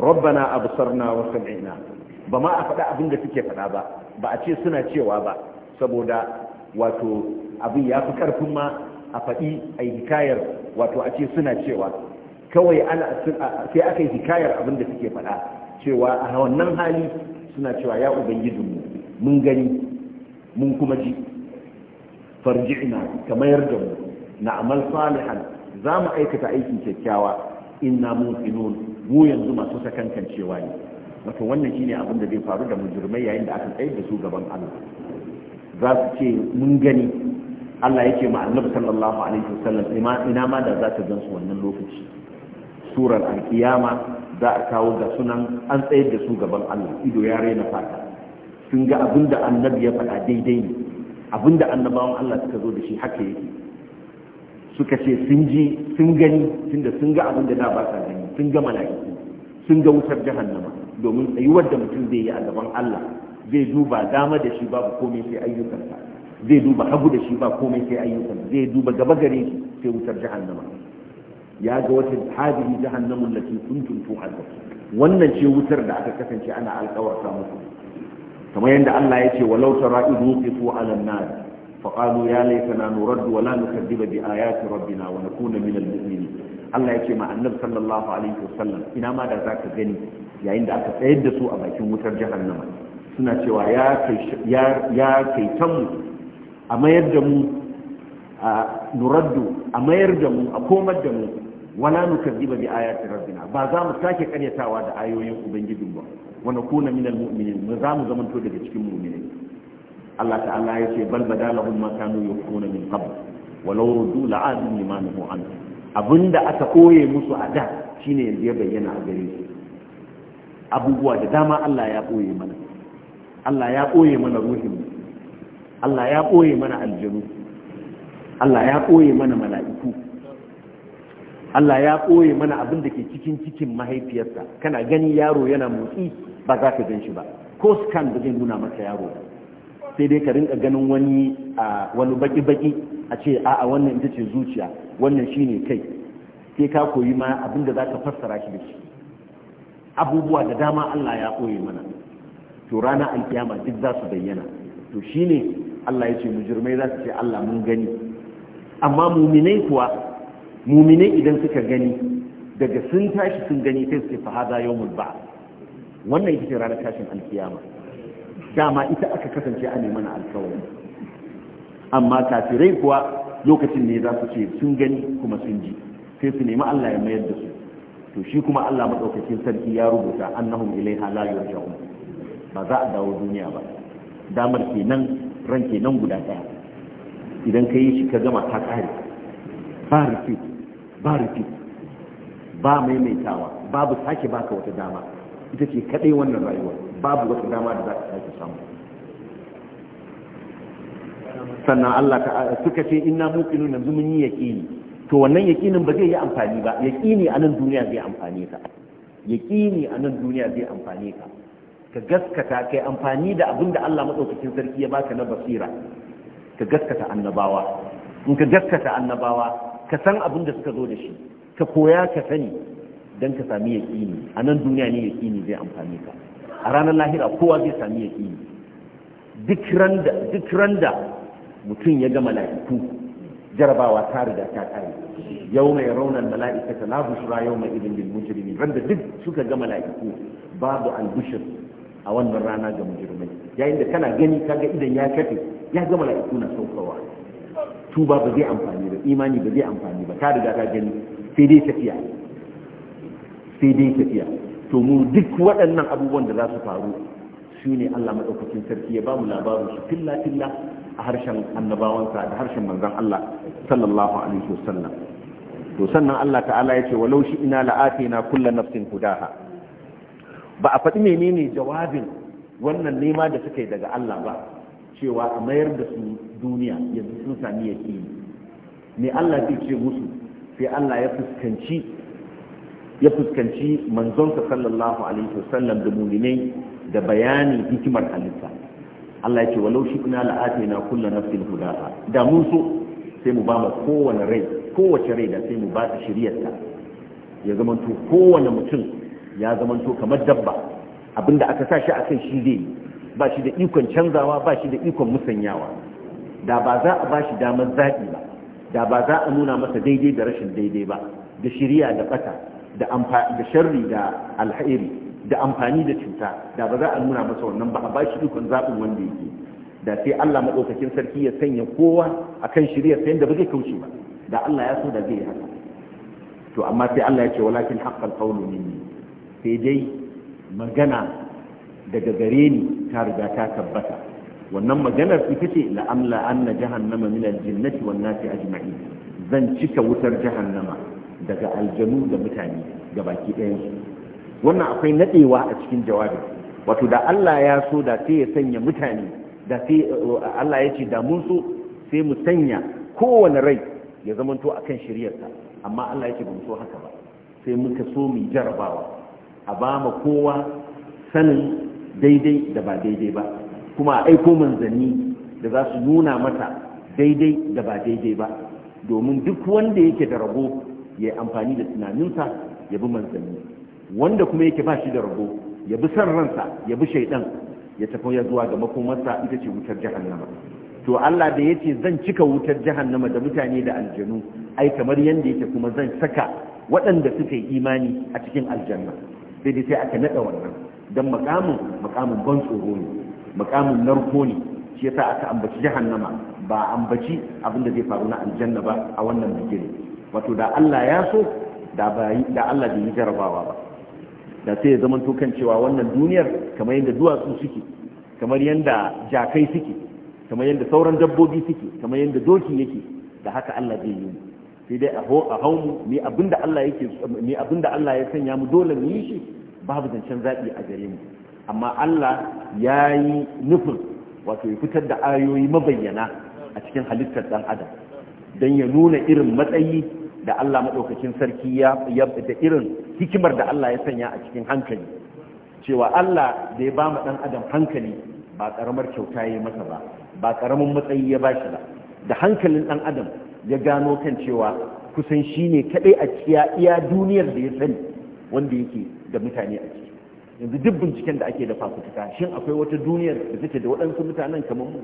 rabbana absarna wa sami'na ba ma a faɗa abin da suke faɗa ba ba a ce suna cewa ba saboda wato abin ya fi karfin ma a faɗi a yi hikayar wato a ce suna cewa kawai ana sai aka yi hikayar abin da suke faɗa cewa a wannan hali suna cewa ya ubangijinmu mun gani mun kuma ji farji'na ka mayar da mu na amal salihan za mu aikata aikin kyakkyawa inna mun mu yanzu masu sakankan cewa ne wato wannan shine abin da zai faru da mujrimai yayin da aka tsaye da su gaban Allah za su ce mun gani Allah ya ce ma annabi sallallahu alaihi wasallam ina ma da za ta gan su wannan lokaci surar alkiyama za a kawo ga sunan an tsayar da su gaban Allah ido ya raina fata sun ga abin da annabi ya faɗa daidai ne abin da annabawan Allah suka zo da shi haka yake suka ce sun ji sun gani tunda sun ga abin da da ba sa gani sun ga mala'iku sun ga wutar jahannama domin tsayuwar da mutum zai yi a gaban Allah zai duba dama da shi babu komai sai ayyukansa zai duba hagu da shi ba komai sai ayyukansa zai duba gaba gare shi sai wutar jahannama ya ga wata hadihi jahannamun lati kuntum tu'adab wannan ce wutar da aka kasance ana alƙawarta muku kamar yadda Allah ya ce walau tara idu qifu ala nar fa qalu ya laitana nuraddu wa la nukadiba bi ayati rabbina wa nakuna min al-mu'minin Allah ya ce ma annabi sallallahu alaihi wasallam ina ma da zaka gani yayin da aka tsayar da su a bakin wutar jahannama suna cewa ya kaitanmu a mayar da mu a nuraddu a mayar da mu a komar da mu wala nu kaddiba bi ayati rabbina ba za mu sake karyatawa da ayoyin ubangijin ba wa nakuna minal mu'minin mu za mu zamanto daga cikin mu'minai Allah ta'ala ya ce bal badalahum ma kanu yufuna min qabl walau ruddu la'adu limanuhu an abinda aka koye musu a da shine yanzu ya bayyana a gare su abubuwa da dama Allah ya ɓoye mana Allah ya ɓoye mana ruhin Allah ya ɓoye mana aljanu Allah ya ɓoye mana mala'iku Allah ya ɓoye mana abin da ke cikin cikin mahaifiyarsa kana gani yaro yana motsi ba za ka gan shi ba ko scan da zai nuna maka yaro sai dai ka rinka ganin wani wani baki-baki a ce a'a wannan ita ce zuciya wannan shine kai sai ka koyi ma abin da za ka fassara shi da shi abubuwa da dama Allah ya koye mana to rana alkiyama duk za su bayyana to shine Allah ya ce mujirmai za su ce Allah mun gani amma muminai kuwa muminai idan suka gani daga sun tashi sun gani sai su ce fa hada yawmul ba wannan ita ce ranar tashin alkiyama dama ita aka kasance a mana alkawari amma kafirai kuwa lokacin ne za su ce sun gani kuma sun ji sai su nemi Allah ya mayar da su to shi kuma Allah madaukakin sarki ya rubuta annahum ilaiha la yurja'un ba za a dawo duniya ba damar kenan ran kenan guda daya idan ka yi shi ka gama ta kare ba repeat ba repeat ba maimaitawa babu sake baka wata dama ita ce kadai wannan rayuwa babu wata dama da za ka sake samu sannan Allah ta suka ce inna muqinun yanzu mun yi yaqini to wannan yaƙinin ba zai yi amfani ba yaƙini a nan duniya zai amfane ka yaƙini a nan duniya zai amfane ka ka gaskata kai amfani da abin da Allah madaukakin sarki ya baka na basira ka gaskata annabawa in ka gaskata annabawa ka san abin da suka zo da shi ka koya ka sani don ka sami yaƙini a nan duniya ne yaƙini zai amfane ka a ranar lahira kowa zai sami yaƙini duk randa mutum ya ga mala'iku jarabawa ta riga ta kare yau mai raunar ta la bushra yau mai idin bin mujrimin wanda duk suka ga mala'iku babu albushir a wannan rana ga mujirmai yayin da kana gani kaga idan ya kafe ya ga mala'iku na saukowa tuba ba zai amfani ba imani ba zai amfani ba ta riga ka gani sai dai tafiya sai dai tafiya to mu duk waɗannan abubuwan da za su faru su ne Allah madaukakin sarki ya ba mu labarin su filla filla a harshen annabawansa da harshen manzon Allah sallallahu alaihi wasallam to sannan Allah ta'ala ya ce walau shi ina na kullu nafsin hudaha ba a faɗi menene jawabin wannan nema da suka yi daga Allah ba cewa a mayar da su duniya yanzu sun sami yaki ne Allah zai ce musu sai Allah ya fuskanci ya fuskanci manzonsa sallallahu alaihi wasallam da mu'minai da bayanin hikimar halitta Allah ya ce walau shi ina na kullu nafsin hudaha da mun so sai mu ba mu kowane rai kowace rai da sai mu ba ta shiriyarta ya to kowane mutum ya zamanto kamar dabba abinda aka sa shi akan shi zai ba shi da ikon canzawa ba shi da ikon musanyawa da ba za a ba shi damar zaɓi ba da ba za a nuna masa daidai da rashin daidai ba da shiriya da ɓata da sharri da alhairi da amfani da cuta da ba za a nuna masa wannan ba a ba shi ikon zaɓin wanda yake da sai Allah maɗaukakin sarki ya sanya kowa akan shirya sayan da ba zai kauce ba da Allah ya so da zai haka to amma sai Allah ya ce walakin haqqal qawlu minni sai dai magana daga gare ni ta riga ta tabbata wannan maganar ita ce la'amla anna jahannama min aljinnati wan nasi ajma'in zan cika wutar jahannama daga aljanu da mutane gabaki ɗayan wannan akwai nadewa a cikin jawabi. wato da Allah ya so da sai ya sanya mutane da sai eh, Allah ya ce da mun so sai mu sanya kowane rai ya zamanto akan shiryarsa amma Allah ya ce ba so haka ba sai muka so mu jarabawa a ba ma kowa sanin daidai da ba daidai ba kuma a aiko manzanni da za su nuna mata daidai da ba daidai ba domin duk wanda yake da rago ya yi amfani da tunaninsa ya bi manzanni wanda kuma yake ba shi da rabo, ya bi san ransa ya bi shaidan ya tafi ya zuwa ga makomarsa ita ce wutar jahannama to Allah da yace zan cika wutar jahannama da mutane da aljanu ai kamar yanda yake kuma zan saka waɗanda suke imani a cikin aljanna sai dai sai aka nada wannan dan makamin makamin ban tsoro ne makamin narko ne shi yasa aka ambaci jahannama ba ambaci abin da zai faru na aljanna ba a wannan bikin wato da Allah ya so da Allah bai yi jarabawa ba da sai ya zama kan cewa wannan duniyar kamar yadda duwatsu suke kamar yadda jakai suke kamar yadda sauran dabbobi suke kamar yadda doki yake da haka Allah zai yi sai dai a hau mu ni abinda Allah yake ni abinda Allah ya sanya mu dole mu yi shi babu zancen zaɓi a gare mu amma Allah ya yi nufin wato ya fitar da ayoyi mabayyana a cikin halittar ɗan adam don ya nuna irin matsayi da Allah maɗaukacin sarki ya da irin hikimar da Allah ya sanya a cikin hankali cewa Allah da ya ba mu dan adam hankali ba karamar kyauta ya yi masa ba ba karamin matsayi ya bashi ba da hankalin ɗan adam ya gano kan cewa kusan shine kadai a ciya iya duniyar da ya sani wanda yake da mutane a ciki yanzu duk binciken da ake da fafutuka shin akwai wata duniyar da take da waɗansu mutanen kamar mu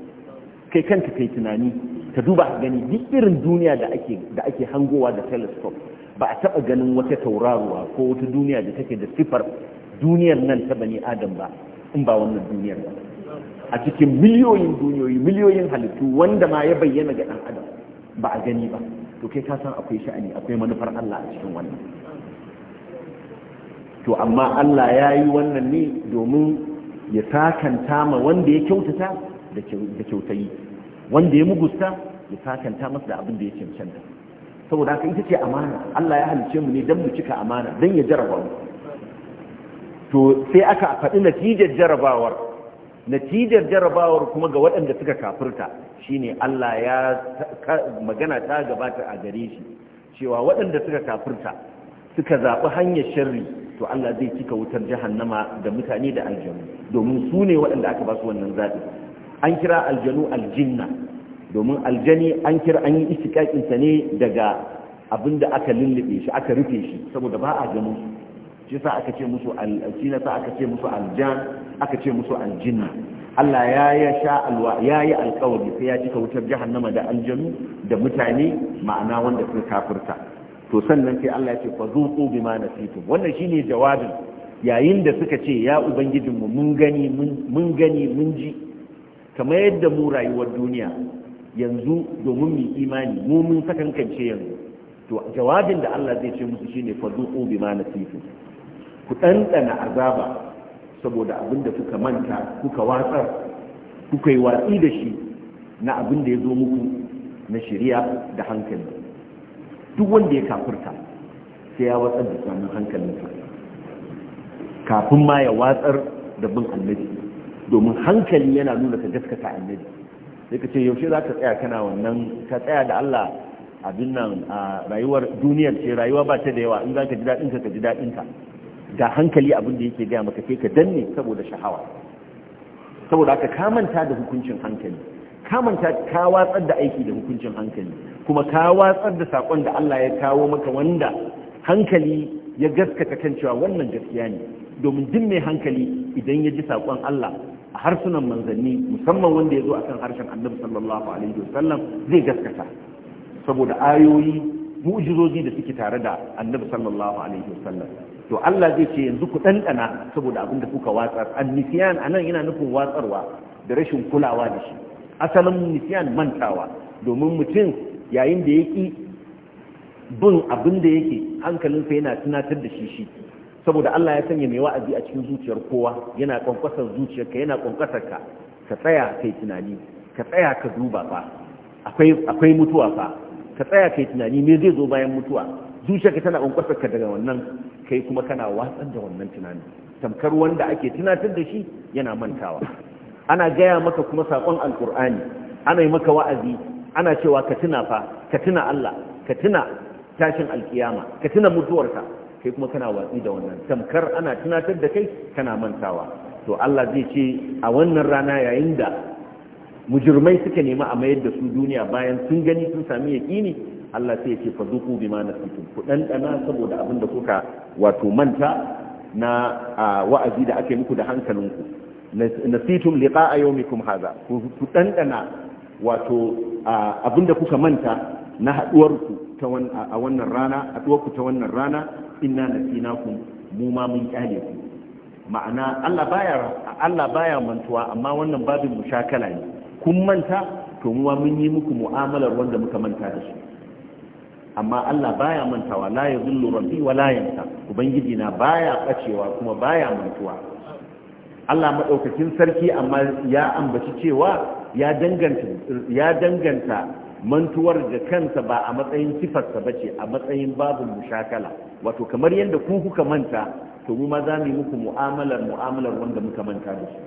kai kanta kai tunani ka duba gani duk irin duniya da ake da ake hangowa da telescope ba a taɓa ganin wata tauraruwa ko wata duniya da take da sifar duniyar nan ta bani adam ba in ba wannan duniyar ba a cikin miliyoyin duniyoyi miliyoyin halittu wanda ma ya bayyana ga ɗan adam ba a gani ba to kai ka san akwai sha'ani akwai manufar Allah a cikin wannan to amma Allah ya yi wannan ne domin ya sakanta ma wanda ya kyautata da kyautayi wanda ya mugusta ya sakanta masa da abin da ya cancanta saboda haka ita ce amana Allah ya halice mu ne dan mu cika amana dan ya jarraba mu to sai aka faɗi natijar jarrabawar natijar jarabawar kuma ga waɗanda suka kafirta shine Allah ya magana ta gabata a gare shi cewa waɗanda suka kafirta suka zaɓi hanyar sharri to Allah zai cika wutar jahannama da mutane da aljanu domin su ne waɗanda aka ba su wannan zaɓi an kira aljanu aljinna domin aljani an kira an yi istiƙaƙinsa ne daga abin da aka lullube shi aka rufe shi saboda ba a ganin shi sa aka ce musu aljina sa aka ce musu aljan aka ce musu aljinna Allah ya sha alwa ya yi alƙawari sai ya cika wutar jahannama da aljanu da mutane ma'ana wanda sun kafirta to sannan sai Allah ya ce fa zuqu bima nasitum wannan shine jawabin yayin da suka ce ya ubangijinmu mun gani mun gani mun ji kamar yadda mu rayuwar duniya yanzu domin mu imani mu mun kance yanzu to jawabin da Allah zai ce musu shine bi ma nasifu ku ɗanɗana azaba saboda abin da kuka manta kuka watsar kuka yi watsi da shi na abin da ya zo muku na shari'a da hankali duk wanda ya kafurta sai ya watsar da samun sa kafin ma ya watsar da bin annabi domin hankali yana nuna ka gaskata annabi sai ka ce yaushe za ka tsaya kana wannan ka tsaya da Allah abin nan a rayuwar duniyar ce rayuwa ba ta da yawa in za ka ji daɗinka ka ji daɗinka da ga hankali abin da yake gaya maka sai ka danne saboda shahawa saboda haka ka manta da hukuncin hankali ka manta ka watsar da aiki da hukuncin hankali kuma ka watsar da sakon da Allah ya kawo maka wanda hankali ya gaskata kan cewa wannan gaskiya ne domin duk mai hankali idan ya ji sakon Allah a harsunan manzanni musamman wanda ya zo a kan harshen annabi sallallahu alaihi wasallam zai gaskata saboda ayoyi mu'jizozi da suke tare da annabi sallallahu alaihi wasallam to Allah zai ce yanzu ku dandana saboda abin da kuka watsar annisiyan anan yana nufin watsarwa da rashin kulawa da shi asalin nisiyan mantawa domin mutum yayin da yake bin abin da yake hankalinsa yana tunatar da shi shi saboda Allah ya sanya mai wa'azi a cikin zuciyar kowa yana kwankwasar zuciyarka yana kwankwasar ka ka tsaya kai tunani ka tsaya ka duba fa akwai mutuwa fa ka tsaya kai tunani me zai zo bayan mutuwa zuciyarka tana kwankwasar ka daga wannan kai kuma kana watsar da wannan tunani tamkar wanda ake tunatar da shi yana mantawa ana gaya maka kuma sakon alkur'ani ana yi maka wa'azi ana cewa ka tuna fa ka tuna Allah ka tuna tashin alkiyama ka tuna mutuwarka kai kuma kana watsi da wannan tamkar ana tunatar da kai kana mantawa to Allah zai ce a wannan rana yayin da mujirmai suka nema a mayar da su duniya bayan sun gani sun sami yaƙini Allah sai ya ce fa zuku bima nasitum ku dana saboda abin da kuka wato manta na wa'azi da ake muku da hankalinku nasitum liqa'a yawmikum hadha ku ɗanɗana wato abin da kuka manta na haɗuwarku a wannan rana haɗuwarku ta wannan rana inna nasinakum mu ma mun kyale ku ma'ana Allah baya Allah baya mantuwa amma wannan babin mushakala ne kun manta to mu mun yi muku mu'amalar wanda muka manta da shi amma Allah baya mantawa la yadhillu rabbi wa la yansa ubangiji na baya bacewa kuma baya mantuwa Allah madaukakin sarki amma ya ambaci cewa ya danganta ya danganta mantuwar da kansa ba a matsayin sifarsa bace a matsayin babin mushakala wato kamar yadda ku kuka manta to mu ma za mu yi muku mu'amalar mu'amalar wanda muka manta da su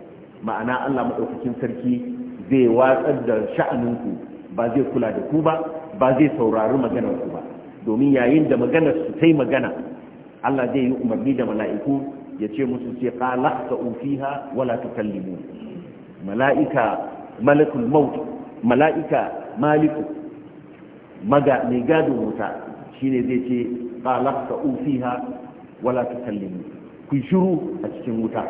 ma'ana Allah madaukakin sarki zai watsar da ku ba zai kula da ku ba ba zai saurari maganar ku ba domin yayin da maganar su sai magana Allah zai yi umarni da mala'iku ya ce musu ce qala fiha wala tukallimu mala'ika malakul maut mala'ika maliku maga mai gado wuta shine zai ce ka fa'u fiha wala tukallimu ku shiru a cikin wuta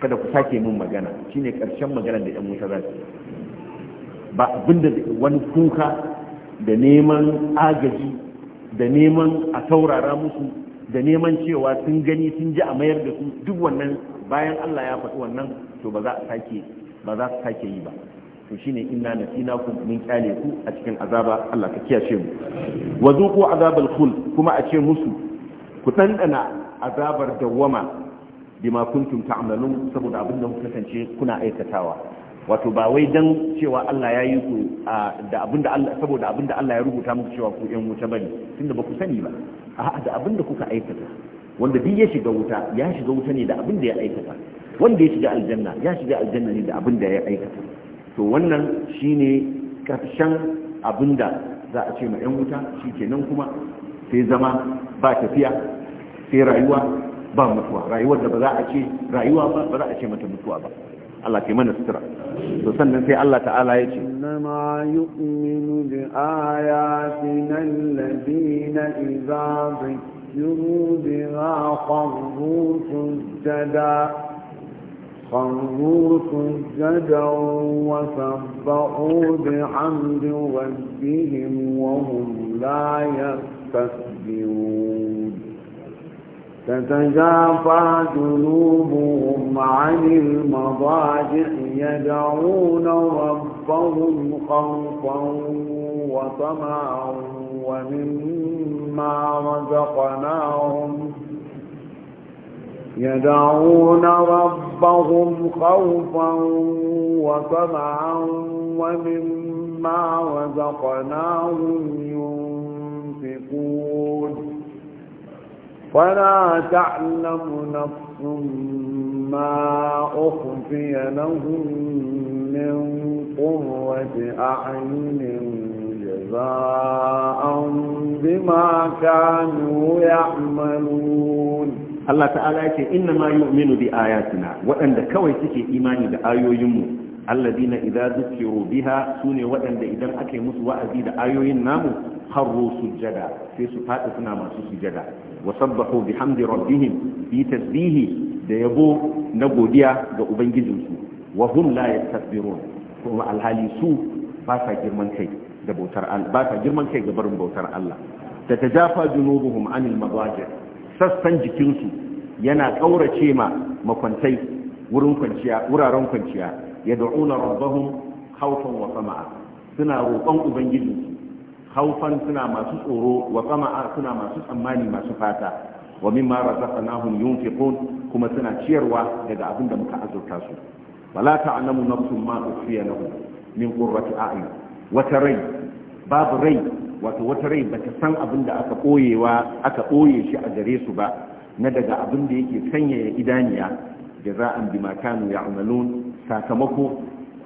kada ku sake min magana shine karshen magana da yan wuta za su ba abinda wani kuka da neman agaji da neman a saurara musu da neman cewa sun gani sun ji a mayar da su duk wannan bayan Allah ya faɗi wannan to ba ba za su sake yi ba to shine inna nasinakum min kyale ku a cikin azaba Allah ka kiyace mu wa zuqu azabal khul kuma a ce musu ku dandana azabar dawwama bima kuntum ta'malun saboda abinda da kasance kuna aikatawa wato ba wai dan cewa Allah ya yi ku da abinda Allah saboda abinda Allah ya rubuta muku cewa ku yan wuta bane tunda ba ku sani ba a'a da abinda kuka aikata wanda duk ya shiga wuta ya shiga wuta ne da abinda ya aikata wanda ya shiga aljanna ya shiga aljanna ne da abinda ya aikata to wannan shine karshen abinda za a ce ma yan wuta shi nan kuma sai zama ba tafiya sai rayuwa ba mutuwa rayuwar da ba za a ce rayuwa ba ba za a ce mata mutuwa ba Allah ke mana sutura to sannan sai Allah ta'ala ya ce nama yu'minu bi ayatina alladhina idza ذكروا بها خروا سجدا خروا سجدا وسبحوا بحمد ربهم وهم لا يستكبرون تتجافى جنوبهم عن المضاجع يدعون ربهم خوفا وطمعا ومما رزقناهم يدعون ربهم خوفا وطمعا ومما رزقناهم ينفقون فلا تعلم نفس ما أخفي لهم من قرة أعين جزاء بما كانوا يعملون Allah ta'ala ya ce inna ma yu'minu bi ayatina waɗanda kawai suke imani da ayoyinmu alladina idza zukiru biha sune waɗanda idan aka yi musu wa'azi da ayoyin namu harru sujjada sai su faɗi suna masu sujjada wa sabbahu bihamdi rabbihim bi tasbihi da yabo na godiya ga ubangijinsu wa hum la yastakbirun kuma alhali su ba sa girman kai da bautar Allah ba sa girman kai ga barin bautar Allah tatajafa junubuhum anil sassan jikinsu yana ƙaurace ma makwantai wurin kwanciya wuraren kwanciya ya da'una rabbahum khawfan wa tama'a suna roƙon ubangiji khawfan suna masu tsoro wa tama'a suna masu tsammani masu fata wa mimma razaqnahum yunfiqun kuma suna ciyarwa daga abin da muka azurta su wala ta'lamu nafsun ma ukhfiya lahu min qurrati a'yun wata rai babu rai wato wata rai ba ta san abin da aka ɓoyewa aka ɓoye shi a gare su ba na daga abin da yake sanyaya idaniya da za a bi makanu ya amalon sakamako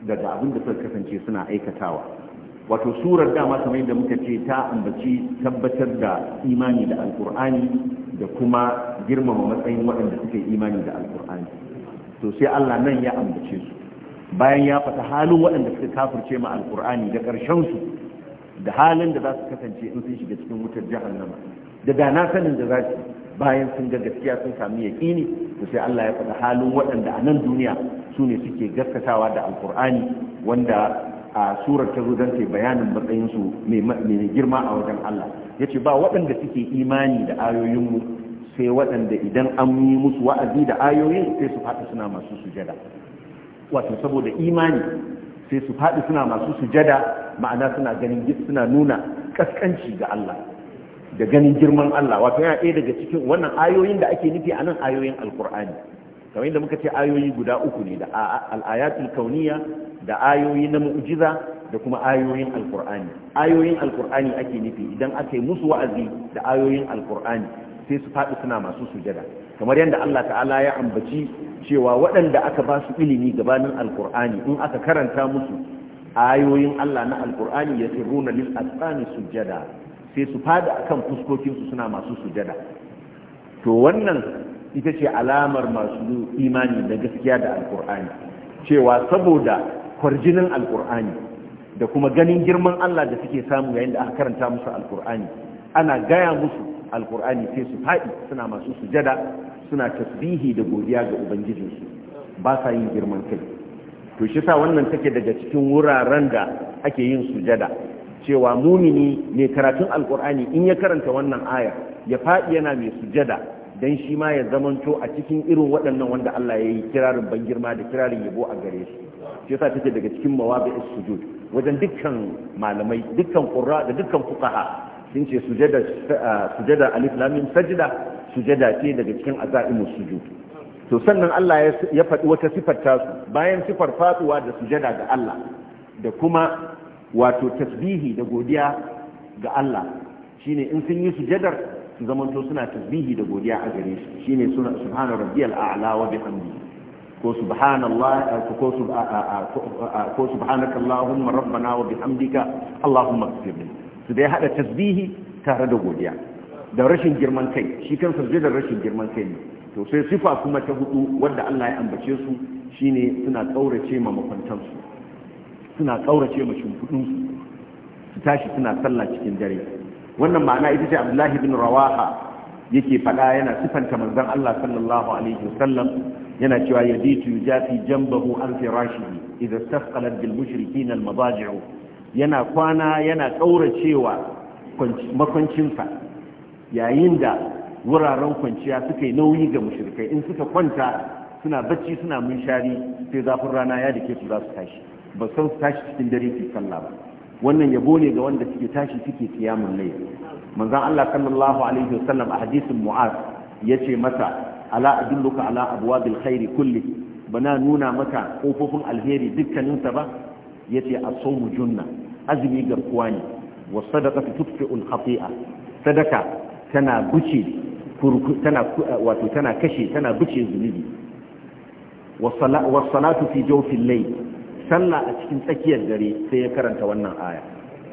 daga abin da suka kasance suna aikatawa wato surar dama kamar yadda muka ce ta ambaci tabbatar da imani da alkur'ani da kuma girmama matsayin waɗanda suke imani da alkur'ani to sai allah nan ya ambace su bayan ya fata halin waɗanda suka kafirce ma alkur'ani da ƙarshen su da halin da za su kasance in sun shiga cikin wutar jihar da da na sanin da za su bayan sun ga gaskiya sun sami yaƙini to sai Allah ya faɗa halin waɗanda a nan duniya su ne suke gaskatawa da alkur'ani wanda a surar ta zo don bayanin matsayinsu mai girma a wajen Allah ya ce ba waɗanda suke imani da ayoyinmu sai waɗanda idan an yi musu wa'azi da ayoyin sai su faɗi suna masu sujada wato saboda imani sai su faɗi suna masu sujada ma'ana suna ganin suna nuna kaskanci ga Allah da ganin girman Allah wato yana ɗaya daga cikin wannan ayoyin da ake nufi a nan ayoyin alkur'ani kamar yadda muka ce ayoyi guda uku ne da al'ayatul kauniya da ayoyi na mu'jiza da kuma ayoyin alkur'ani ayoyin alkur'ani ake nufi idan aka yi musu wa'azi da ayoyin alkur'ani sai su faɗi suna masu sujada kamar yadda Allah ta'ala ya ambaci cewa waɗanda aka ba su ilimi gabanin alkur'ani in aka karanta musu ayoyin Allah na alkur'ani ya runa lil asani sujada sai su fada akan fuskokin su suna masu sujada to wannan ita ce alamar masu imani da gaskiya da alkur'ani cewa saboda kwarjinin alkur'ani da kuma ganin girman Allah da suke samu yayin da aka karanta musu alkur'ani ana gaya musu alkur'ani sai su faɗi suna masu sujada suna tasbihi da godiya ga ubangijinsu ba sa yin girman kai to shi sa wannan take daga cikin wuraren da ake yin sujada cewa mumini mai karatun alkur'ani in ya karanta wannan aya ya faɗi yana mai sujada dan shi ma ya zamanto a cikin irin waɗannan wanda Allah ya yi kirarin ban girma da kirarin yabo a gare shi shi yasa take daga cikin mawabi'us sujud wajen dukkan malamai dukkan qurra da dukkan fuqaha sun ce sujada alif lamim sajda sujada ce daga cikin azaimus sujud to sannan Allah ya faɗi wata sifar tasu bayan sifar faduwa da sujada ga Allah da kuma wato tasbihi da godiya ga Allah shine in sun yi sujadar su zamanto suna tasbihi da godiya a gare shi shine suna subhana rabbiyal a'la wa bihamdihi ko subhanallah ko subhanaka allahumma rabbana wa bihamdika allahumma ighfir su ya hada tasbihi tare da godiya da rashin girman kai shi kan da rashin girman kai ne to sai sifa kuma ta hudu wadda Allah ya ambace su shine suna kaurace ma makwantansu suna kaurace ma shimfudun su su tashi suna sallah cikin dare wannan ma'ana ita ce Abdullahi Ibn Rawaha yake fada yana sifanta manzon Allah sallallahu alaihi wasallam yana cewa yaditu yujafi jambahu an firashihi idza istaqalat bil mushrikeen al madaji'u yana kwana yana ƙauracewa makwancinsa yayin da wuraren kwanciya suka yi nauyi ga mushrikai in suka kwanta suna bacci suna munshari sai zafin rana ya dake su za su tashi ba san su tashi cikin dare su sallah ba wannan yabo ne ga wanda suke tashi suke kiyamun layl manzon Allah sallallahu alaihi wasallam a hadisin Mu'az yace masa ala adulluka ala abwabil khairi kulli bana nuna maka kofofin alheri dukkaninsa ba yace as mu junna azumi garkuwa ne wa sadaka tutfi'ul khati'a sadaka tana buce wato tana kashe tana buce zunubi Wasu salatu fi jawfil layl sallah a cikin tsakiyar dare sai ya karanta wannan aya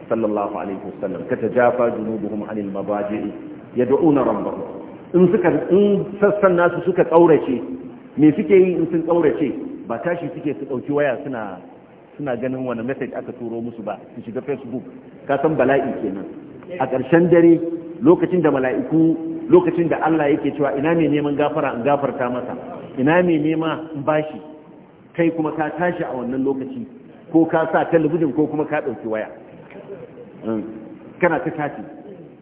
sallallahu alaihi wasallam katajafa junubuhum anil mabaji'i yad'una rabbahum in suka in sassan nasu suka tsaurace, me suke yi in sun tsaurace, ba tashi suke su ɗauki waya suna suna ganin wani message aka turo musu ba su shiga facebook ka san bala'i kenan a ƙarshen dare lokacin da mala'iku lokacin da Allah yake cewa ina mai neman gafara in gafarta masa ina mai nema in bashi kai kuma ka tashi a wannan lokaci ko ka sa talabijin ko kuma ka ɗauki waya hmm. kana ta tashi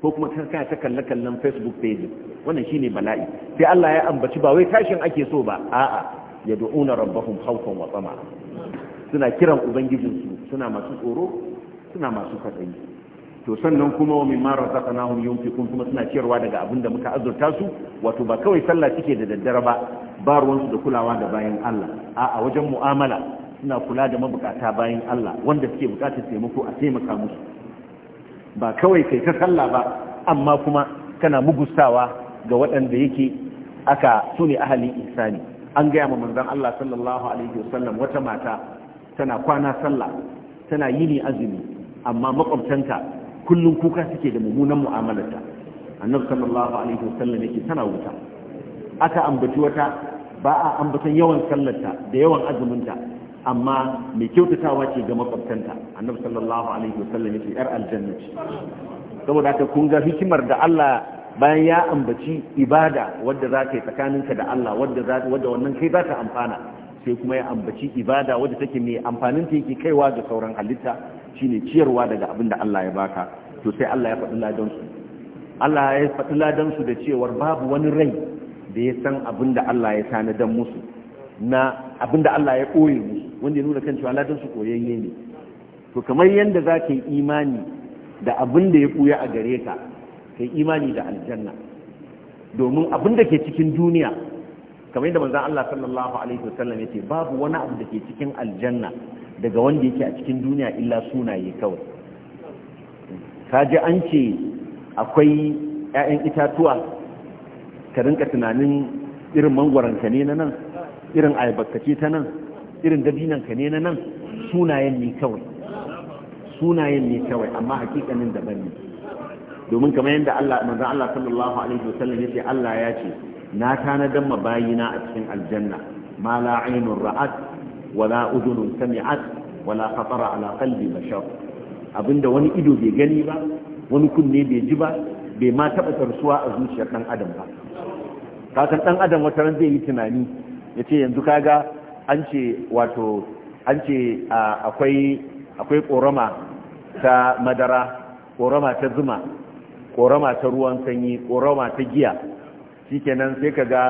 ko kuma kana ta kalle kallon facebook page wannan shine bala'i sai Allah ya ambaci ba wai tashin ake so ba a'a yad'una rabbahum khawfan wa tama'a suna kiran ubangijinsu suna masu tsoro suna masu kwaɗayi to sannan kuma wa mimma razaqnahum yunfiqun kuma suna ciyarwa daga abin da muka azurta su wato ba kawai sallah suke da daddare ba ba ruwansu da kulawa da bayan Allah a a wajen mu'amala suna kula da mabukata bayan Allah wanda suke bukatar taimako a taimaka musu ba kawai kai ka sallah ba amma kuma kana mugustawa ga waɗanda yake aka sune ahalin ihsani an gaya ma manzon Allah sallallahu alaihi wasallam wata mata tana kwana sallah tana yini azumi amma makwabtanta kullum kuka suke da mummunan mu'amalarta annabi sallallahu alaihi wasallam yake tana wuta aka ambaci wata ba a ambatan yawan sallarta da yawan azuminta amma mai kyautatawa ce ga makwabtanta annabi sallallahu alaihi wasallam yake yar aljanna ce saboda haka kun ga hikimar da Allah bayan ya ambaci ibada wadda za ka yi tsakaninka da Allah wadda wannan kai za ta amfana sai kuma ya ambaci ibada wadda take mai amfanin ta yake kaiwa ga sauran halitta shine ciyarwa daga abin da Allah ya baka to sai Allah ya faɗi ladan su Allah ya faɗi ladan su da cewar babu wani rai da ya san abin da Allah ya dan musu na abin da Allah ya koye musu wanda ya nuna kan cewa ladan su koyayye ne to kamar yanda za ka yi imani da abin da ya koya a gare ka ka imani da aljanna domin abin da ke cikin duniya kamar yadda manzon Allah sallallahu alaihi wasallam yace babu wani abu da ke cikin aljanna daga wanda yake a cikin duniya illa sunaye kawai kaji an ce akwai ƴaƴan itatuwa ka rinka tunanin irin mangwaron ka ne na nan irin albarkace ta nan irin dabinan ka ne na nan sunayen ne kawai sunayen ne kawai amma hakikanin daban ne domin kamar yadda Allah manzon Allah sallallahu alaihi wasallam yace Allah ya ce na tanadar ma bayina a cikin aljanna ma la ainun ra'at wala udunun sami'at wala khatara ala qalbi bashar abinda wani ido bai gani ba wani kunne bai ji ba bai ma taɓa tarsuwa a zuciyar ɗan adam ba kasan ɗan adam wata ran zai yi tunani yace yanzu kaga an ce wato an ce akwai akwai korama ta madara korama ta zuma Ƙorama ta ruwan sanyi Ƙorama ta giya shikenan sai ka ga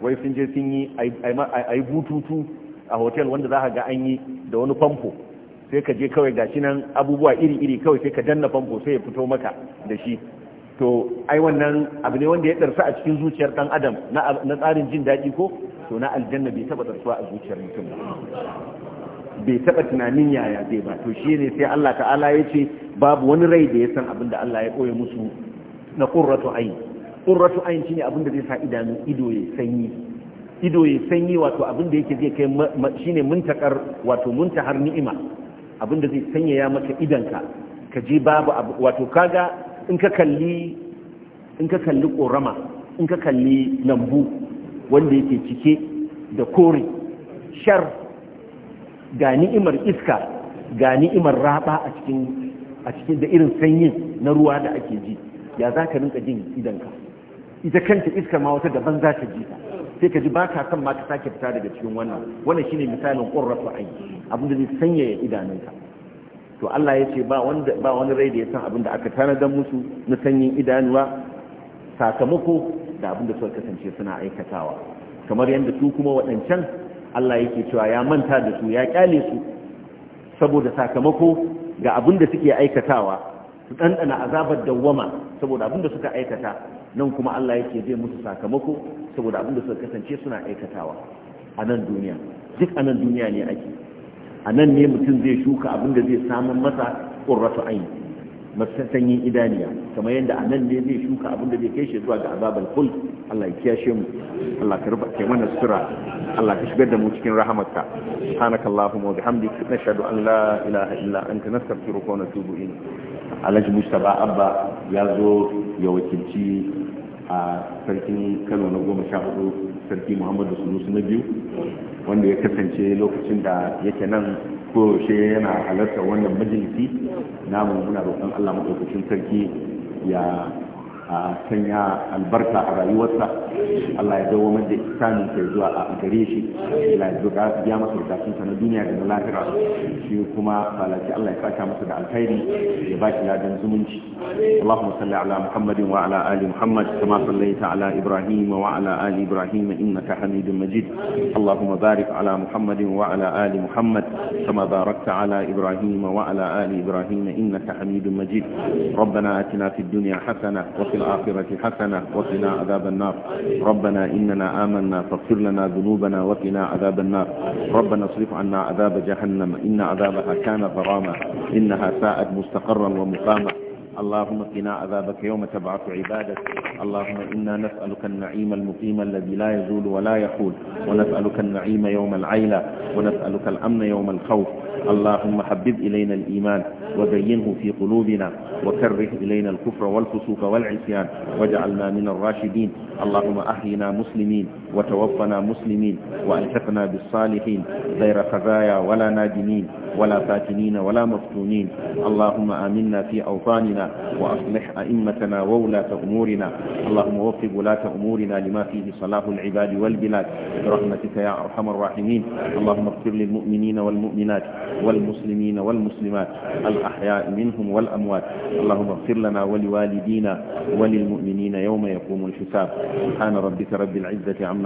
wai sun je sun yi a yi bututu a hotel wanda za ka ga an yi da wani famfo sai ka je kawai gashi nan abubuwa iri-iri kawai sai ka danna famfo sai ya fito maka da shi to ai wannan abu ne wanda ya ɗarsa a cikin zuciyar ɗan adam na tsarin jin daɗi ko to na aljanna bai taɓa ɗarsuwa a zuciyar mutum bai taɓa tunanin yaya zai ba to shi ne sai Allah ta'ala ya ce babu wani rai da ya san abin da Allah ya ɓoye musu na ƙurratu ayi ayin shi shine abin da zai sa idanu ido ya sanyi ido ya sanyi wato abin da yake zai kai shi ne muntakar wato muntahar ni'ima abin da zai sanyaya maka idanka ka ji babu wato kaga in ka kalli in ka kalli ƙorama in ka kalli lambu wanda yake cike da kore shar ga ni'imar iska ga ni'imar raba a cikin a cikin da irin sanyin na ruwa da ake ji ya za ka rinka jin idanka ita kanta iska ma wata daban za ta ji ta sai ka ji ba ka kan ma ka sake fita daga cikin wannan wannan shine misalin qurratu ayn abin da zai sanyaya idanunka to Allah ya ce ba wanda ba wani rai da ya san abin da aka tanadar musu na sanyin idanuwa sakamako da abin da suka kasance suna aikatawa kamar yadda su kuma waɗancan Allah yake cewa ya manta da su ya kyale su saboda sakamako ga abin da suke aikatawa su ɗanɗana azabar dawwama saboda abin da suka aikata nan kuma Allah yake zai musu sakamako saboda abin da suka kasance suna aikatawa a nan duniya duk a nan duniya ne ake a nan ne mutum zai shuka abin da zai samun masa ƙurratu aini masu sanyin idaniya kamar yadda a nan ne zai shuka abin da zai kai shi zuwa ga azabar kul Allah ya kiyashe mu Allah ka rufa kai mana sura Allah ka shigar da mu cikin rahamarka subhanakallahumma wa bihamdika nashhadu an la ilaha illa anta nastaghfiruka wa natubu ilayk alhaji mustapha abba ya zo ya wakilci a sarkin kano na goma sha hudu sarki muhammadu sunusu na biyu wanda ya kasance lokacin da yake nan koyaushe yana halarta wannan majalisi namun muna roƙon allah maɗaukacin sarki ya a sanya albarka a rayuwarsa Allah ya dawo da isanin sai zuwa a gare shi Allah ya zuga ya masa bukatunsa na duniya da na lahira shi kuma balaci Allah ya saka masa da alkhairi ya baki ladan zumunci Allahumma salli ala Muhammadin wa ala ali Muhammad kama sallaita ala Ibrahim wa ala ali Ibrahim innaka Hamidum Majid Allahumma barik ala Muhammadin wa ala ali Muhammad kama barakta ala Ibrahim wa ala ali Ibrahim innaka Hamidum Majid وفي الآخرة حسنة وقنا عذاب النار ربنا إننا آمنا فاغفر لنا ذنوبنا وقنا عذاب النار ربنا اصرف عنا عذاب جهنم إن عذابها كان غراما إنها ساءت مستقرا ومقاما اللهم قنا عذابك يوم تبعث عبادك اللهم إنا نسألك النعيم المقيم الذي لا يزول ولا يخول ونسألك النعيم يوم العيلة ونسألك الأمن يوم الخوف اللهم حبب إلينا الإيمان وزينه في قلوبنا وكره إلينا الكفر والفسوق والعصيان واجعلنا من الراشدين اللهم أحينا مسلمين وتوفنا مسلمين وألحقنا بالصالحين غير خزايا ولا نادمين ولا فاتنين ولا مفتونين اللهم آمنا في أوطاننا وأصلح أئمتنا وولاة أمورنا اللهم وفق ولاة أمورنا لما فيه صلاح العباد والبلاد برحمتك يا أرحم الراحمين اللهم اغفر للمؤمنين والمؤمنات والمسلمين والمسلمات الأحياء منهم والأموات اللهم اغفر لنا ولوالدينا وللمؤمنين يوم يقوم الحساب سبحان ربك رب العزة عما